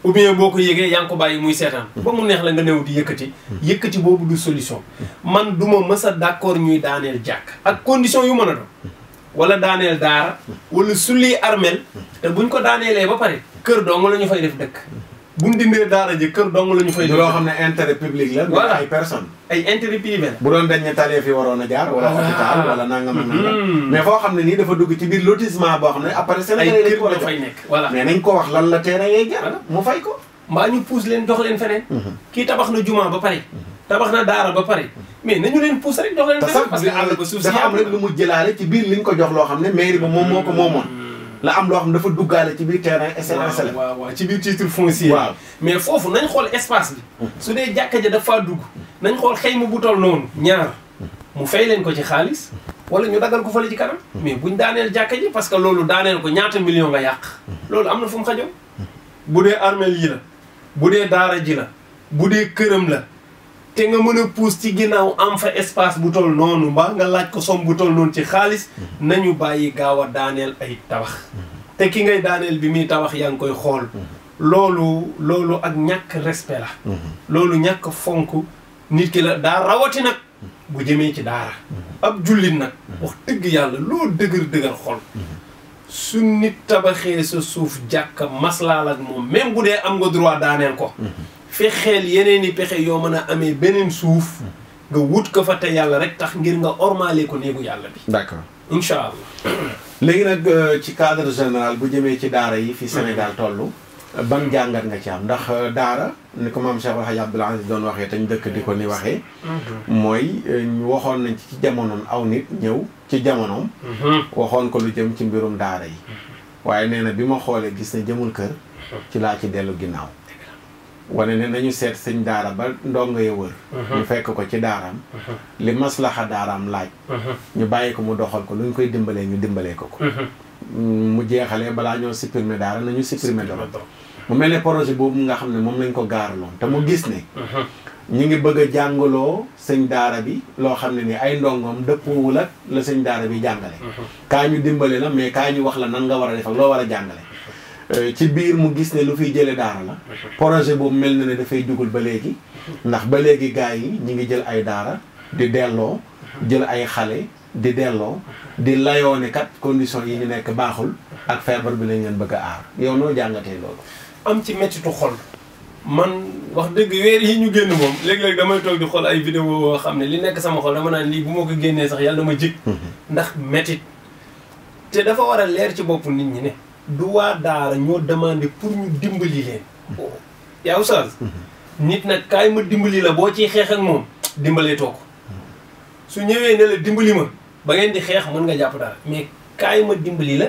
ou bien boo ko yëgee yaa ngi ko muy seetaan. Mm-hmm. ba mu neex la nga néew di yëkkati. yëkkati boobu du solution. Mm-hmm. man du ma mës a d' accord ñuy daaneel jàkk. ak condition yu mën a mm-hmm. wala daaneel daara. wala sulli armel te buñ ko daaneelee ba pare. kër dong la ñu fay def dëkk. bu ñu dindee daara ji kër dong la fay. def loo xam ne intérêt public la. voilà ay personne ay intérêt privé la. bu ne talee fi waroon a jaar. wala ah. hôpital wala nangam hmm. xam ne nii dafa dugg ci biir lotissement boo xam ne après. ay kër la fay nekk voilà mais nañ ko mhm. kii tabax na mhm. na ba pare. mais nañu leen pousse rek jox leen feneen. parce loo xam ne mairie ba moom moo ko moomoon hmm. la am loo xam dafa duggaale ci biir terrain SNSL. waaw waaw ci biir titre foncier. waaw mais foofu nañ xool espace bi. su dee jàkka ja dafa dugg. nañ xool xayma bu toll noonu. ñaar mu fey leen ko ci xaalis. wala ñu daggal ko fële ci kanam. Hmm. mais buñ daaneel jàkka ji parce que loolu daaneel ko ñaata million nga yàq. Hmm. loolu am na fu mu xajoo. bu dee armel yi la. bu dee daara ji la. bu dee këram la. te nga mën a pousse ci ginnaaw am fa espace bu toll noonu mbaa nga laaj ko somme bu toll noonu ci xaalis mhm. nañu bàyyi gaaw a daaneel ay tabax mhm. te ki ngay daaneel bi muy tabax yaa ngi koy xool mhm. loolu loolu ak ñàkk respect la loolu ñàkk fonk nit ki la daa rawati nag bu jëmee ci daara ab jullit nag wax dëgg yàlla loo dëgër dëgër xool su nit tabaxee sa suuf jàkka maslaal ak moom même dee am nga droit daaneel ko fexeel yeneen i pexe yoo mën a amee beneen suuf nga wut ko fa te yàlla rek tax ngir nga ormaale ko néegu yàlla bi. d'accord incha allah. léegi nag euh, ci cadre général bu jëmee ci daara yi fi Sénégal hmm. toll. ban jàngat nga ci am ndax euh, daara ni ko maam Cheikh Alhaji Abdoul Aziz doon waxee te ñu dëkk di ko ni waxee. Hmm. mooy euh, waxoon nañ ci ci jamonoom aw nit ñëw ci jamonoom. Hmm. waxoon ko lu jëm ci mbirum daara yi. waaye nee na bi ma xoolee gis ne jëmul kër. ci laa ci dellu ginnaaw. wane ne nañu seet sëñ daara ba ndongo ya wër uh-huh. ñu fekk ko ci daaraam uh-huh. li maslaxa daaraam laaj uh-huh. ñu bàyyi ko mu doxal ko lu ñu koy dimbalee ñu dimbalee ko ko mu jeexalee balaa ñoo supprimer daara nañu supprimer doro mu mel ne projet boobu nga xam ne moom lañ ko gaaraloon te mu gis ne ñu ngi bëgg jàngaloo sëñ daara bi loo xam ne ni ay ndongoom dëppoowul ak la sëñ daara bi jàngale kaa ñu dimbale la mais kaa ñu wax la nan nga war a def loo war a jàngale Euh, ci biir mu gis ne lu fiy jëlee daara la projet boobu mel na ne dafay dugul ba léegi ndax ba léegi gars yi ñu ngi jël ay daara di delloo jël ay xale di delloo di layoo ne kat condition yi ñu nekk baaxul ak feebar bi lañ leen bëgg aar yow noo jàngatee loolu am ci mettitu xol man wax dëgg weer yi ñu génn moom léeg-léeg damay toog di xool ay vidéo yoo xam ne li nekk sama xol dama naa lii bu moo ko génnee sax yàlla dama jig mhm. ndax mettit te dafa war a leer ci bopp nit ñi ne du waa daara ñoo demandé pour ñu dimbali leen. yaa oustaz mhm. nit nag kaay ma dimbali la boo ciy xeex ak moom dimbalee too ko su ñëwee ne la dimbali ma ba ngeen di xeex mën nga jàpp dara mais kaay ma dimbali la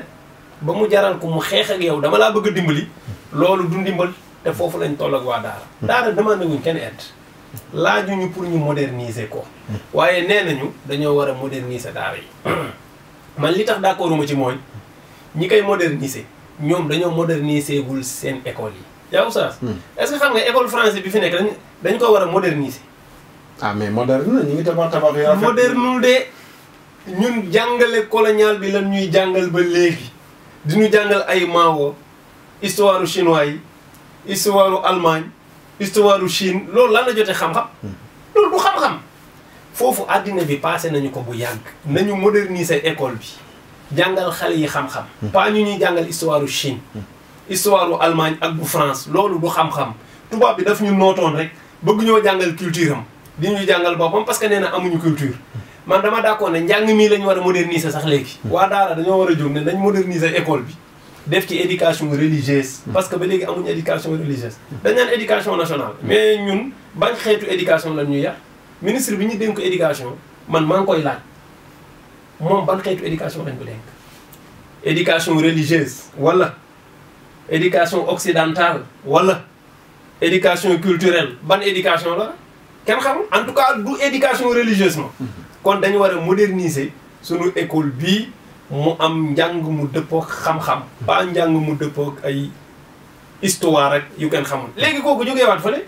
ba mu jaral ko mu xeex ak yow dama laa bëgg a dimbali loolu du ndimbal te foofu lañ toll ak waa daara. daara demandé wuñ kenn aide laajuñu pour ñu moderniser ko. Mhm. waaye nee nañu dañoo war a moderniser daara yi. man li tax d'accorduma ci mooy. ñi koy moderniser ñoom dañoo moderniser wul seen école yi. yaa ngi hmm. est-ce que xam nga école française bi fi nekk dañ dañ ko war a moderniser. ah mais moderne na ñu ngi tabax tabax yu rafet. moderne de ñun jàngale colonial bi lan ñuy jàngal ba léegi di ñu jàngal ay Mao histoire chinois yi histoire Allemagne histoire Chine loolu lan la jotee xam-xam. Hmm. loolu du xam-xam. foofu àddina bi passé nañu ko bu yàgg. nañu moderniser école bi. jàngal xale yi xam-xam. pas ñu ñuy jàngal histoire u Chine. histoire u Allemagne ak bu France loolu du xam-xam tubaab bi daf ñu nootoon rek bëgg ñoo jàngal culture am di ñu jàngal boppam parce que nee na amuñu culture. man dama d'accord ne njàng mii lañu war a moderniser sax léegi. waa daara dañoo war a jóg ne dañ moderniser école bi. def ci éducation religieuse. parce que ba léegi amuñu éducation religieuse. dañ naan éducation nationale. mais ñun ba xeetu éducation lañ ñuy yar ministre bi ñu dénk ko man maa ngi koy moom ban xeetu éducation lañ ko dénk éducation religieuse wala éducation occidentale wala éducation culturelle ban éducation la kenn xamul en tout cas du éducation religieuse ma mhm. kon dañu war a moderniser sunu école bi mu am njàng mu dëppook xam-xam ba njàng mu dëppook ay histoire rek yu kenn xamul léegi kooku jógee waat fële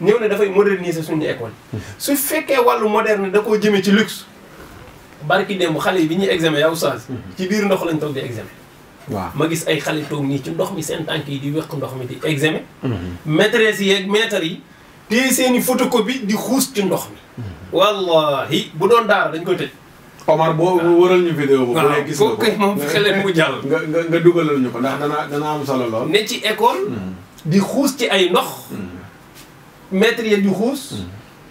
ñëw ne dafay moderniser suñu école mhm. su fekkee wàllu moderne da koo jëmee ci luxe barki démb xale yi bi ñuy examen yaa oustaz mhm. ci biir ndox lañ toog di examen waaw ma gis ay xale toog nii ci ndox mi seen tànk yi di wéq ndox mi di examen mhm. maîtresse yeeg maître yi téye seen i photocopie di xuus ci ndox mi mhm. wallahi bu doon daara dañ koy tëj Omar boo waral ñu vidéo boobu lay gis nga ko moom xelee mu jàll nga nga dugalal ñu ko ndax dana dana solo lool ne ci école di xuus ci ay ndox maître yi di xuus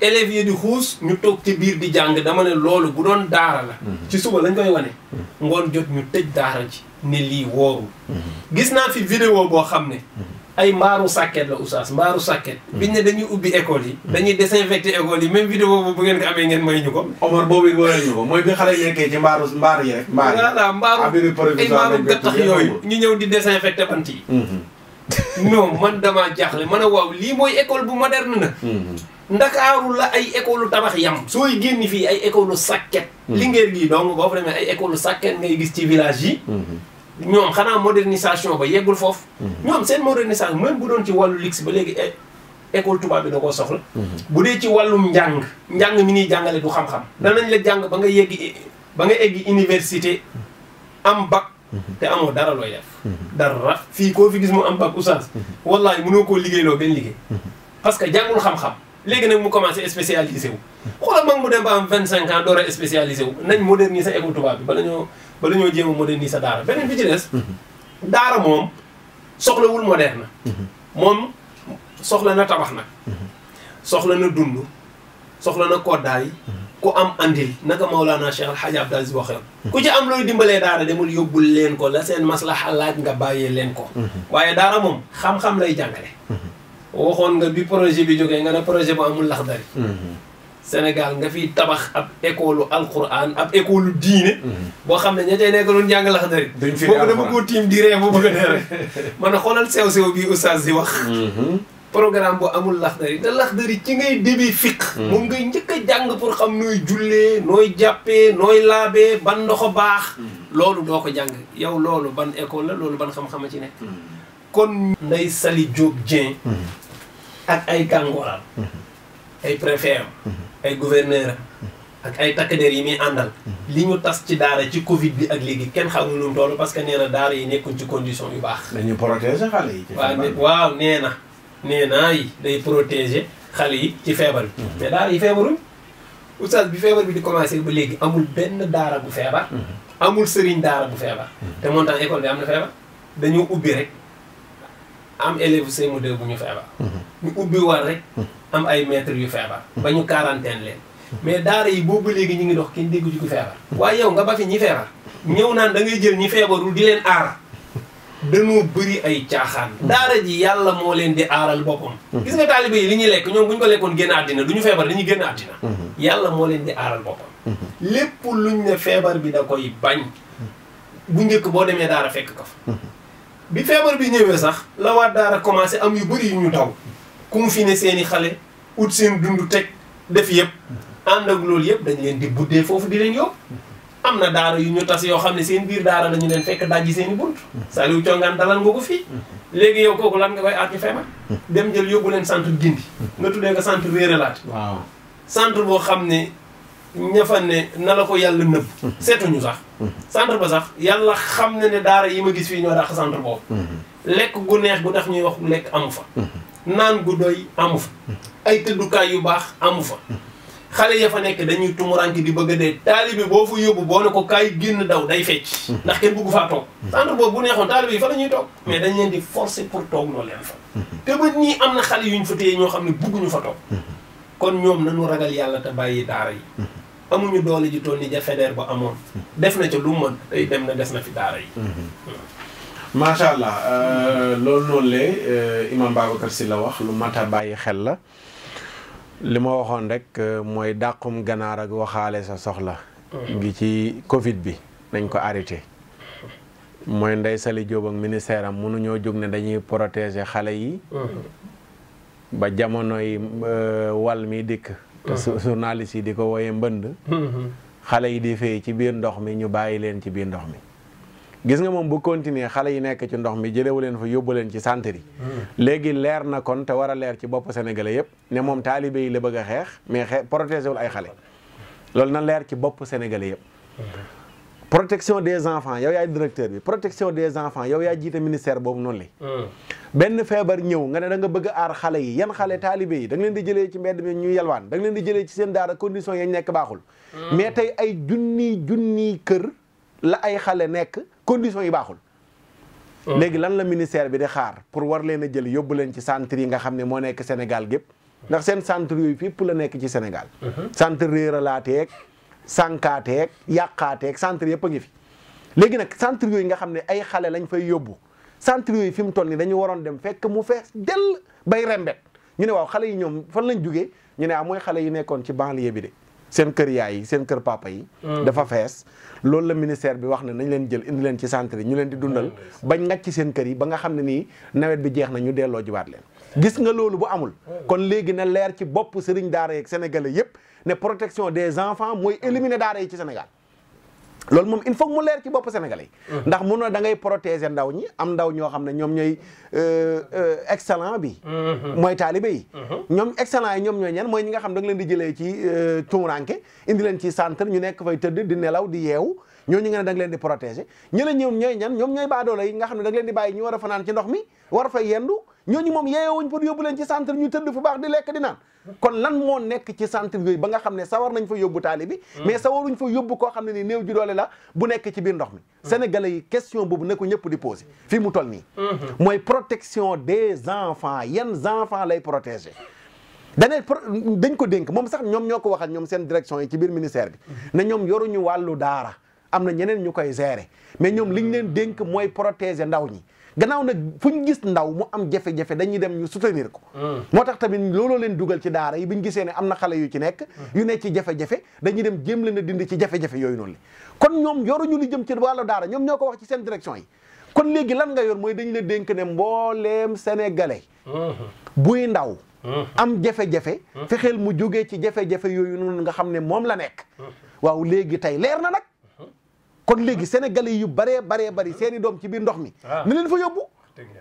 élèves yi di xuus ñu toog ci biir di jàng dama ne loolu bu doon daara la mhm. ci suba lañ koy wane mhm. ngoon jot ñu tëj daara ji ne lii wooru mhm. gis naa fi vidéo boo xam ne ay mbaaru sàkket la oustaz mbaaru sàkket biñ ne dañuy ubbi école yi dañuy désinfecté école yi même vidéo boobu bu ngeen ko amee ngeen mooy ñu ko Omar boobu wëral ñu ko mooy bi xale nekkee ci mbaaru mbaaru yi rek mbaaru voilà mbaaru ay mbaaru gattax yooyu ñu ñëw di désinfecté bant yi non man damaa jaaxle man a waaw lii mooy école bu moderne ndakaaru la ay école tabax yam sooy génn fii ay école sàkket hmm. Linguère gii donc boo fa demee ay école sàkket ngay gis ci village yi hmm. ñoom xanaa modernisation ba yeggul foofu hmm. ñoom seen modernisation même bu doon ci wàllu luxe ba léegi école tubaab bi da koo soxla bu dee ci wàllum njàng njàng mi ñuy jàngale du xam-xam danañ la jàng ba nga yeggi ba nga eggi université am bac te amoo dara looy def dara fii koo fi gis mu am bac oustaz wallahi mënoo koo liggéeyloo benn liggéey parce que jàngul xam léegi nag mu commencé spécialisé wu xoolal mag mu dem ba am vingt cinq ans door a spécialisé wu nañ moderniser école tubaab bi bala ñoo bala ñoo jéem a moderniser daara beneen bi ci des mhm. daara moom soxlawul moderne mhm. moom soxla na tabax nag mhm. soxla na dund soxla na koddaay ku am andil naka Maulana Cheikh Al Hadj si Aziz waxee ku ci am looy dimbalee daara demul yóbbul leen ko la seen maslaxa laaj nga bàyyee leen ko waaye daara moom xam-xam lay jàngale waxoon nga bi projet bi jógee nga ne projet bu amul lax dari mhm. Sénégal nga fi tabax ab école alquran ab école diine. boo xam ne ña cay nekk doon jàng lax dari. dañ fi tiim di ree bu a dee rek. man xoolal sew sew bii wax. Mhm. programme bu amul lax dari te lax ci ngay débee fiq mhm. moom ngay njëkk a jàng pour xam nooy jullee nooy jàppee nooy laabee ban ndoxo baax. loolu doo ko jàng yow loolu ban école la loolu ban xam-xama ci nekk. kon nday Sali Diop Dieng mhm. ak ay gàngooram mhm. ay préfet mhm. ay gouverneur ak ay takk der yi muy àndal li ñu tas ci daara ci covid bi ak léegi kenn xamul lu mu toll parce que nee na daara yi nekkuñ ci condition yu baax dañu protéger xale yi waaw waaw nee na nee naa day protéger xale yi ci feebar bi mais daara yi feebaruñ oustaz bi feebar bi di commencé ba léegi amul benn daara bu feebar amul sëriñ daara bu feebar te monta tam école bi am na feebar dañoo ubbi rek am élève CM2 bu ñu feebar ñu ubbi war rek am ay maîtres yu feebar ba ñu quarantaine leen mais daara yi boobu léegi ñu ngi dox ki déggu ci ku feebar waaye yow nga ba fi ñi feebar ñëw naan da ngay jël ñi feebarul di leen aara dañoo bëri ay caaxaan daara ji yàlla moo leen di aaral boppam gis nga taalibe yi li ñuy lekk ñoom bu ñu ko lekkoon génn àddina du ñu feebar dañuy génn àddina yàlla moo leen di aaral boppam lépp lu ñu ne feebar bi da koy bañ bu njëkk boo demee daara fekk ko fa bi feebar bi ñëwee sax la waa daara commencé am yu bëri yu ñu daw ku mu fi ne seen xale ut seen dund teg def yëpp ànd ak loolu yëpp dañ leen di buddee foofu di leen yóbbu am na daara yu ñu tas yoo xam ne seen biir daara dañu leen fekk dajji seen i bunt Saliou Thiongaan dalal nga ko fii léegi yow kooku lan nga koy aar ci feebar dem jël yóbbu leen centre gindi nga tuddee nga centre réeralaat waaw sant boo xam ne ña ne na la ko yàlla nëbb seetuñu sax centre ba sax yàlla xam ne ne daara yi ma gis fii ñoo dàq centre boobu mm-hmm. lekk gu neex gu tax ñuy wax lekk amu fa mm-hmm. naan gu doy amu fa mm-hmm. ay tëddukaay yu baax amu fa xale ya fa nekk dañuy tumuranke di bëgg a dee taalibe boo fa yóbbu boo ne ko kaay génn daw day fecc ndax kenn bëggu faa toog centre boobu bu neexoon taalibe yi fa la ñuy toog mais dañ leen di forcer pour toog loo leen fa te ba am na xale yu ñu fa téye ñoo xam ne bëgguñu fa toog kon ñoom nañu yàlla te bàyyi daara yi amuñu doole ji toll ni ja Feder ba amoon def na ca lu mën tey dem na des na fi daara yi mhm. macha allah euh, loolu noonu le euh, imam Babacar Sy la wax lu mat bàyyi xel la li ma waxoon rek euh, mooy dàqum ganaar ak waxaale sa soxla mhm. gi ci covid bi dañ ko arrêté mooy ndey Saly Diop ak ministère am mënuñoo jóg ne dañuy protéger xale yi mhm. ba jamonoy wal mii dikk te journaliste yi di ko wooyee mbënd xale yi di fay ci biir ndox mi ñu bàyyi leen ci biir ndox mi gis nga moom bu continuer xale yi nekk ci ndox mi jëlewu leen fa yóbbu leen ci centre yi hmm. léegi leer na kon te war a leer ci bopp sénégalais yëpp ne moom taalibe yi la bëgg a xeex mais xee protégé ay xale loolu na leer ci bopp sénégalais yëpp hmm. protection des enfants yow yaay directeur bi protection des enfants yow yaay jiite ministère boobu noonu li hmm. benn feebar ñëw nga ne da nga bëgg aar xale yi yan xale taalibe yi da leen di jëlee ci mbedd mi ñu yalwaan da nga leen di jëlee ci seen daara condition hmm. mais tey ay junni junni kër la ay xale nekk condition yi baaxul hmm. léegi lan la ministère bi di xaar pour war leen a jël yóbbu leen ci centre yi nga xam ne moo nekk Sénégal gépp ndax seen centre yooyu fépp la nekk ci Sénégal centre réeralaatee sànkaateeg yàqaateeg centre yëpp a ngi fi léegi nag centre yooyu nga xam ne ay xale lañ fay yóbbu centre yooyu fi mu toll nii dañu waroon dem fekk mu fees dell bay rembet ñu ne waaw xale yi ñoom fan lañ jugee ñu ne ah xale yi nekkoon ci banlier bi de seen kër yaay yi seen kër papa yi. Mm. dafa fees loolu la ministère bi wax na nañ leen jël indi leen ci centre yi ñu leen di dundal. bañ ngacc ci seen kër yi ba nga xam ne nii nawet bi jeex na ñu delloo jiwaat leen. gis nga loolu bu amul kon léegi na leer ci bopp sëriñ daara yeeg sénégalais yépp ne protection des enfants mooy éliminer daara yi ci Sénégal loolu moom il faut mu leer ci bopp sénégalais ndax mu na da ngay protéger ndaw ñi am ndaw ñoo xam ne ñoom ñooy euh, euh, excellent bi mooy taalibe yi ñoom excellent yi ñoom ñooy ñan mooy ñi nga xam da nga leen di jëlee ci euh, tumuranke indi leen ci centre ñu nekk fay tëdd di nelaw di yeewu ñooñu nga ne da leen di protéger ñi la ñoom ñooy ñan ñoom ñooy baadoolo yi nga xam ne da leen di bàyyi ñu war a fanaan ci ndox mi war a fay yendu ñooñu moom wuñ pour yóbbu leen ci centre ñu tëdd fu baax di lekk di naan kon lan moo nekk ci centre yooyu ba nga xam ne sawar nañ fa yóbbu taali bi mm. mais sawaruñ fa yóbbu koo xam ne ni néew ju doole la bu nekk ci biir ndox mi mm. sénégalais yi question boobu ne ko ñëpp di posé fii mu toll nii mm-hmm. mooy protection des enfants yan enfants lay protéger dane dañ ko dénk moom sax ñoom ñoo ko waxal ñoom seen direction yi ci biir ministère bi mm-hmm. ne ñoom yoruñu wàllu daara am na ñeneen ñu koy gérer mais ñoom liñ leen dénk mooy protéger ndaw ñi gannaaw nag fu ñu gis ndaw mu am jafe-jafe dañuy dem ñu soutenir ko mm. moo tax tamit looloo leen dugal ci daara yi bi ñu gisee ne am na xale yu ci nekk mm. yu ne ci jafe-jafe dañuy dem jéem leen a dindi ci jafe yooyu noonu kon ñoom yoruñu lu jëm ci wàllu daara ñoom ñoo ko wax ci seen direction kon léegi lan nga yor mooy dañu la dénk ne mbooleem sénégalais mm-hmm. buy ndaw mm-hmm. am jafe-jafe mm-hmm. fexeel mu jógee ci jafe-jafe yooyu noonu nga xam ne moom la nekk waaw léegi tey leer na nag kon léegi sénégalais yu baree baree bari seeni doom ci biir ndox mi ah. ni leen fa yóbbu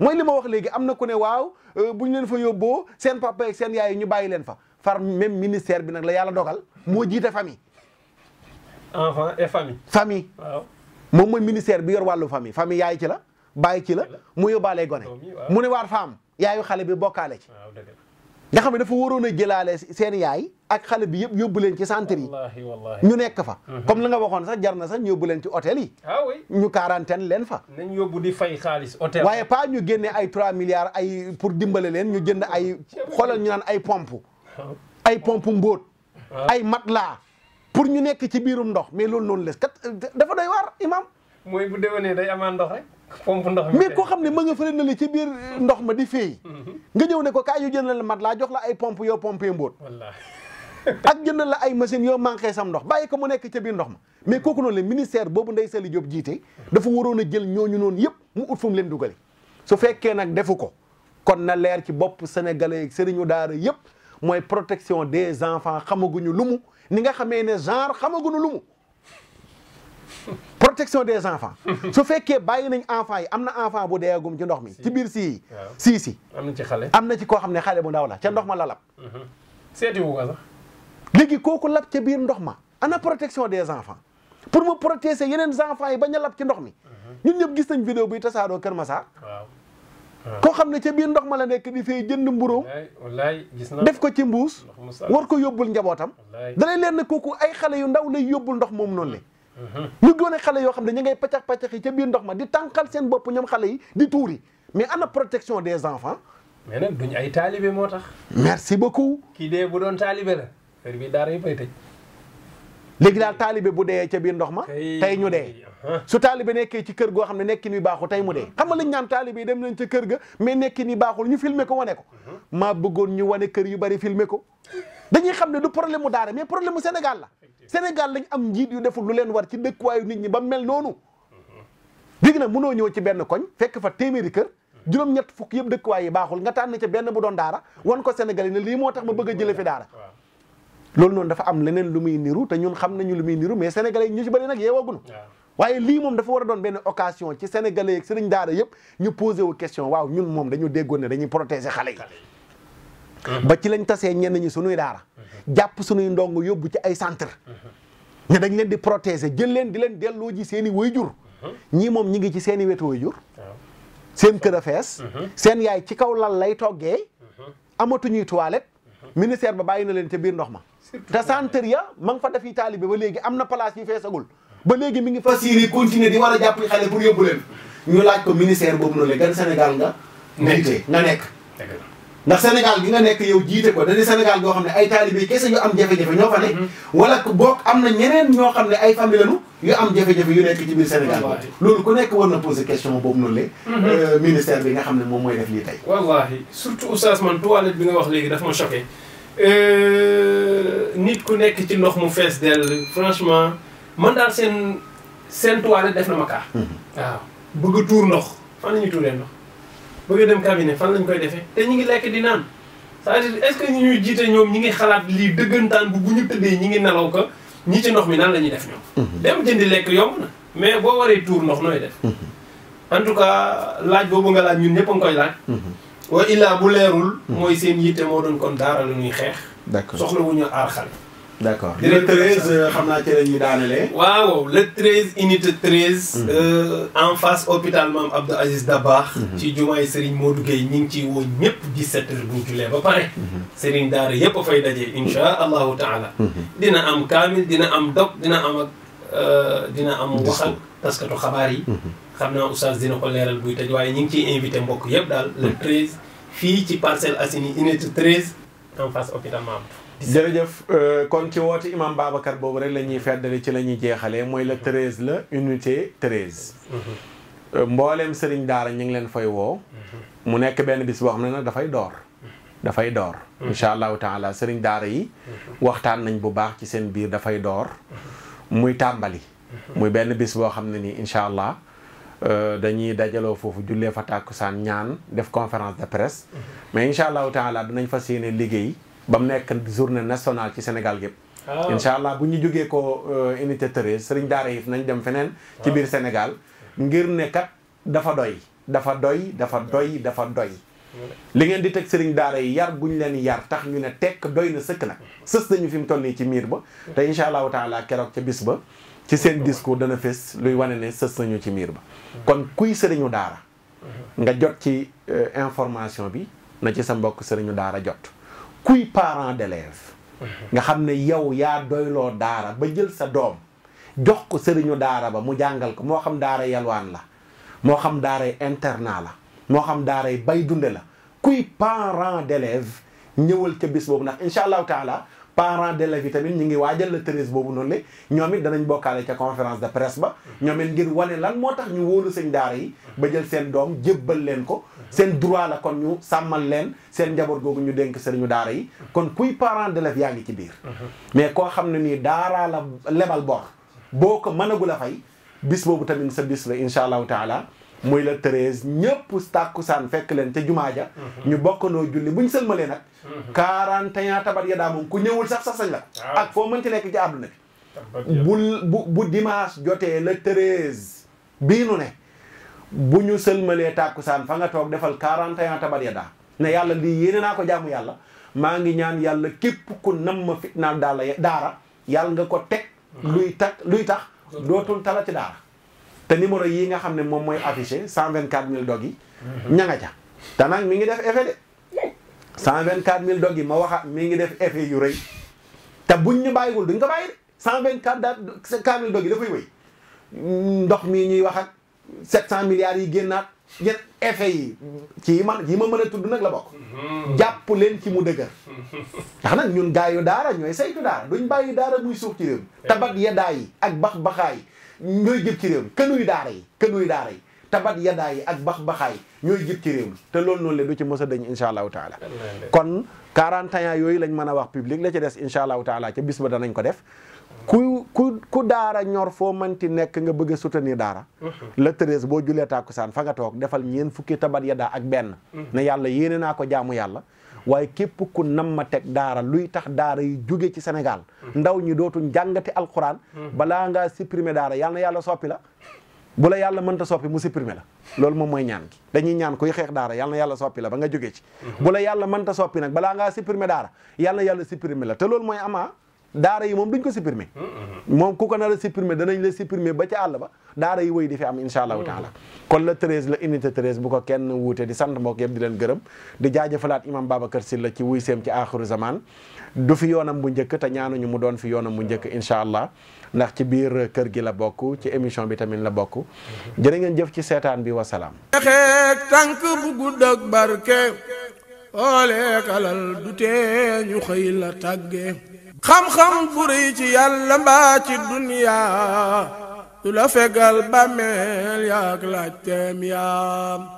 mooy li ma wax léegi am na ku ne waaw euh, bu ñu leen fa yóbboo seen papa ak seen yaay ñu bàyyi leen fa far même ministère bi nag la yàlla dogal moo jiite famille enfant et famille famille waaw moom mooy ministère bi yor wàllu famille famille yaay ci la bàyyi ci la mu yóbbaalee gone mu ne waar femme yaayu xale bi bokkaale ci nga xam ne dafa waroon a jëlaale seen yaay ak xale bi yëpp yóbbu leen ci centre yi ñu nekk fa mhm. comme la nga waxoon sax jar na sax ñu yóbbu leen ci hôtel yi ah oui ñu quarantaine leen fa nañ yóbbu di fay xaalis hôtel waaye pas ñu génne ay 3 milliards ay pour dimbale leen ñu jënd ay xoolal ñu ay pompe ah. ay pompe mbóot ah. ay matelas pour ñu nekk ci biirum ndox mais loolu noonu les kat dafa doy waar imam mooy bu déwénee day amaan pompe ndox mi koo xam ne ma nga fële la ci biir ndox ma di feey mhm. nga ñëw ne ko ka yu jëndal la mat laa jox la ay pompe yoo pompé mbóot ak jëndal la ay machines yoo manqué sam ndox bàyyi ko mu nekk ca biir ndox ma mais kooku noonu le ministère boobu Ndeye Saly Diop jiite dafa waroon a jël ñooñu noonu yëpp mu ut fu mu leen dugale su fekkee nag defu ko kon na leer ci bopp sénégalais yi sëriñu daara yëpp mooy protection des enfants xamaguñu lumu ni nga xamee ne genre xamaguñu lumu protection des enfants su fekkee bàyyi nañ enfants yi am na enfant bu deegum ci ndox mi ci biir sii si si am na ci xale am na ci koo xam ne xale bu ndaw la ca ndox ma la lab mm-hmm. seeti wu ko sax kooku lab ca biir ndox ma ana protection des enfants pour mu protéger yeneen enfants yi bañ a lab ci ndox mi mm-hmm. ñu ñëpp gis nañ vidéo buy tasaaroo Kër Masaar koo xam ne ca biir ndox ma la nekk di fay jënd mburóom def ko ci mbuus war ko yóbbul njabootam da lay leer ne kooku ay xale yu ndaw lay yóbbul ndox moom noonu le ñu gone xale yoo xam ne ñu ngay paccax paccax yi ca biir ndox ma di tànqal seen bopp ñoom xale yi di tuuri mais ana protection des enfants. mais nag ay taalibe moo tax. merci beaucoup. kii dee bu doon taalibe la heure bii daara yi fay tëj. léegi daal taalibe bu dee ca biir ndox ma. tey ñu dee. su taalibe nekkee ci kër goo xam ne nekkin wi baaxul tey mu dee. xam nga lañ ñaan taalibe dem nañ ca kër ga mais nekkin yi baaxul ñu filmer ko wane ko. Mhm. maa bëggoon ñu wane kër yu bari filmer ko. dañuy xam ne du problème mu daara mais problème mu Sénégal la. Sénégal lañ am njiit yu deful lu leen war ci dëkkuwaayu nit ñi ba mel noonu léegi nag mënoo ñëw ci benn koñ fekk fa téeméeri kër juróom-ñett fukk yëpp dëkk yi baaxul nga tànn ca benn bu doon daara wan ko Sénégal yi ne lii moo tax ma bëgg a jële fi daara loolu noon dafa am leneen lu muy niru te ñun xam nañu lu muy niru mais sénégalais yi ñu ci bëri nag yeewaguñu waaye lii moom dafa war a doon benn occasion ci sénégalais yeeg sëriñ daara yëpp ñu posé wu question waaw ñun moom dañu déggoon ne xale yi ba ci lañ tasee ñenn ñi sunuy daara jàpp sunuy ndongo yóbbu ci ay centre ne dañ leen di protéger jël leen di leen delloo ji seen i wayjur ñii moom ñi ngi ci seeni i wetu wayjur seen kër a fees seen yaay ci kaw lal lay toggee amatuñuy toilette ministère ba bàyyi na leen te biir ndox ma te centre ya ma nga fa def yi taalibe ba léegi am na place yu feesagul ba léegi mi ngi fa yéene continuer di war a jàpp jàppale xale pour yóbbu leen ñu laaj ko ministère boobu noonu la gan nga njiite nekk ndax Sénégal gi nga nekk yow jiite ko dañuy Sénégal goo xam ne ay taalibe kese yu am jafe-jafe ñoo fa ne mhm. wala boog am na ñeneen ñoo xam ne ay famille lañu yu am jafe-jafe yu nekk ci biir Sénégal loolu ku nekk war na poser question boobu noonu le mhm. euh, ministère bi nga xam ne moom mooy def lii tey wallaahi surtout oustaz man toilette bi nga wax léegi daf ma choqué euh, nit ku nekk ci ndox mu fees dell franchement man daal seen seen toilette def na ma kaa mhm. ndox fan la ñuy bëgg a dem cabinet fan lañ koy defee te ñu ngi lekk di naan c'est-à-dire est-ce ñu jiite ñoom ñi ngi xalaat lii dëggantaan bu bu ñu tëddee ñi ngi nelaw ko ñii ci ndox mi nan la ñuy def ñoom. Mhm. dem jëndi lekk yomb na mais boo waree tuur ndox nooy def. Mhm. en tout laaj boobu nga laaj ñun ñëpp a ngi koy laaj. Mhm. wa illaa bu leerul. mooy seen yitte moo doon kon daara la ñuy xeex. d'accord soxla wu ñu aar d' accord le 13 euh, xam naa ci la ñuy daanelee. waaw le 13 unité 13. Hmm. Euh, en face hôpital maam Abdou Aziz Dabakh. Hmm. ci jumaay Serigne Modou Gueye ñu ngi ciy woo ñëpp 17h bu jullee ba pare. Hmm. Serigne daar yëpp a fay daje incha allahu taala. dina am kaamil dina am dog dina am ak euh, dina am. waxal taskatu xabaar yi. xam naa oustaz dina ko leeral buy tëj waaye ñu ngi ciy invité mbokk yëpp daal le 13 fii ci Parcelles Assainies unité 13 en face hôpital maam. jërëjëf euh, kon ci woote imam Babacar boobu rek la ñuy feddali ci la ñuy jeexalee mooy la treize la unité treize euh, mboolem sëriñ daara ñu ngi leen fay woo mu nekk benn bis boo xam ne nag dafay door dafay door incha allahu taala sëriñ daara yi waxtaan nañ bu baax ci seen biir dafay door muy tàmbali muy benn bis boo xam ne nii incha allah euh, dañuy dajaloo foofu jullee fa saan ñaan def conférence de presse mais incha allahu taala dinañ fa yéene liggéey ba mu nekk journée nationale ci Sénégal gépp ah. incha allah bu ñu jógee ko euh, unité treize sëriñ daara yi nañ dem feneen ci ah. biir Sénégal ngir nekkat dafa doy dafa doy dafa doy dafa doy li ngeen di teg sëriñ daara yi yar bu ñu leen yar tax ñu ne tekk doy na sëkk nag sës nañu fi mu toll nii ci miir ba te incha allahu taala keroog ca bis ba ci seen discours dana fes luy wane ne sës nañu ci miir ba kon kuy sëriñu daara nga jot ci euh, information bi na ci sa mbokk sëriñu daara jot kuy parent d'élève mhm. nga xam ne yow yaa doyloo daara ba jël sa doom jox ko sëriñu daara ba mu jàngal ko moo xam daara yalwaan la moo xam daaray internat la moo xam daaray bay dunde la kuy parent d'élève ñëwal ca bis boobu ndax incha allahu taala parents d'élèves yi tamit ñu ngi waajal le treize boobu noonu le ñoom it danañ bokkaale ca conférence de presse ba ñoom it ngir wane lan moo tax ñu wóolu sëñ daara yi ba jël seen doom jébbal leen ko seen droit la kon ñu sàmmal leen seen njaboot googu ñu dénk sëriñu daara yi kon kuy parent d'élèves yaa ngi ci biir mais koo xam ne nii daaraa la lebal bor boo ko mënagul a fay bis boobu tamit sa bis la incha allahu taala muy la treize ñëpp tàkkusaan fekk leen ca jumaa ja mhm. ñu bokkandoo julli bu ñu sëlmalee nag mhm. quarante et un ya daa moom ku ñëwul sax sax sañ la ah. ak foo mën ci nekk ci àdduna bi bu bu dimanche jotee la treize bii nu ne bu ñu sëlmalee tàkkusaan fa nga toog defal quarante et un ya daa ne yàlla lii yéene naa ko jaamu yàlla maa ngi ñaan yàlla képp ku nam ma fitnaal daala daara yàlla nga ko teg mhm. luy tax luy tax dootul tala ci daara te numéro yi nga xam ne moom mooy affiché 124000 dog yi. ña nga ca te nag mi ngi def effet de mille dog yi ma waxaat mi ngi def effet yu rëy te buñ ñu bàyyiwul duñ ko bàyyi de 124000 dog yi dafay wéy ndox mii ñuy wax ak 700 milliards yi génnaat yéen effet ci man yi ma mën a tudd nag la bokk. jàpp leen ci mu dëgër. ndax nag ñun gaayu daara ñooy saytu daara duñ bàyyi daara muy suuf ci réew. Eh. tabat yeddaa yi ak bax baxaa yi ñooy jëb ci réew mi kënuy daara yi kënuy daara yi tabat yadaa yi ak bax-baxaay ñooy jëb ci réew mi te loolu noon le du ci mos a dañ incha allahu taala kon 41 yooyu lañ mën a wax public la ci des incha allahu taala ca bis ba danañ ko def ku ku ku daara ñor foo manti nekk nga bëgg a soutenir daara mm-hmm. le treize boo julee saan fa nga toog defal ñeen fukki tabat yadaa ak benn mm-hmm. ne yàlla yéene naa ko jaamu yàlla waaye képp ku nam ma teg daara luy tax daara yi jóge ci Sénégal ndaw ñi dootuñ jàngati alquran balaa ngaa supprimer daara yàlla na yàlla soppi la bu la yàlla mënta soppi mu supprimer la loolu moom mooy ñaan gi dañuy ñaan kuy xeex daara yàlla na yàlla soppi la ba nga jógee ci bu la yàlla mënta soppi nag balaa ngaa supprimer daara yàlla na yàlla supprimer la te loolu mooy ama daara yi moom duñ ko supprimer moom ku ko nar a supprimer danañ la supprimer ba ca àll ba daara yi wéy di fi am insha allahu taala kon la treize la unité treize bu ko kenn wuute di sant mbokk yëpp di leen gërëm di jaajëfalaat imam Babacar Sylla ci wuy seem ci aaxiru zaman du fi yoonam bu njëkk te ñaanuñu mu doon fi yoonam bu njëkk incha allah ndax ci biir kër gi la bokk ci émission bi tamit la bokk jërë ngeen jëf ci seetaan bi wasalaam xeex tànk bu gudd ak barke ooleekalal du tee ñu xëy la tàgge xam-xam bu rëy ci yàlla mbaa ci duniya du la fegal bàmmeel yaak laaj teem yaam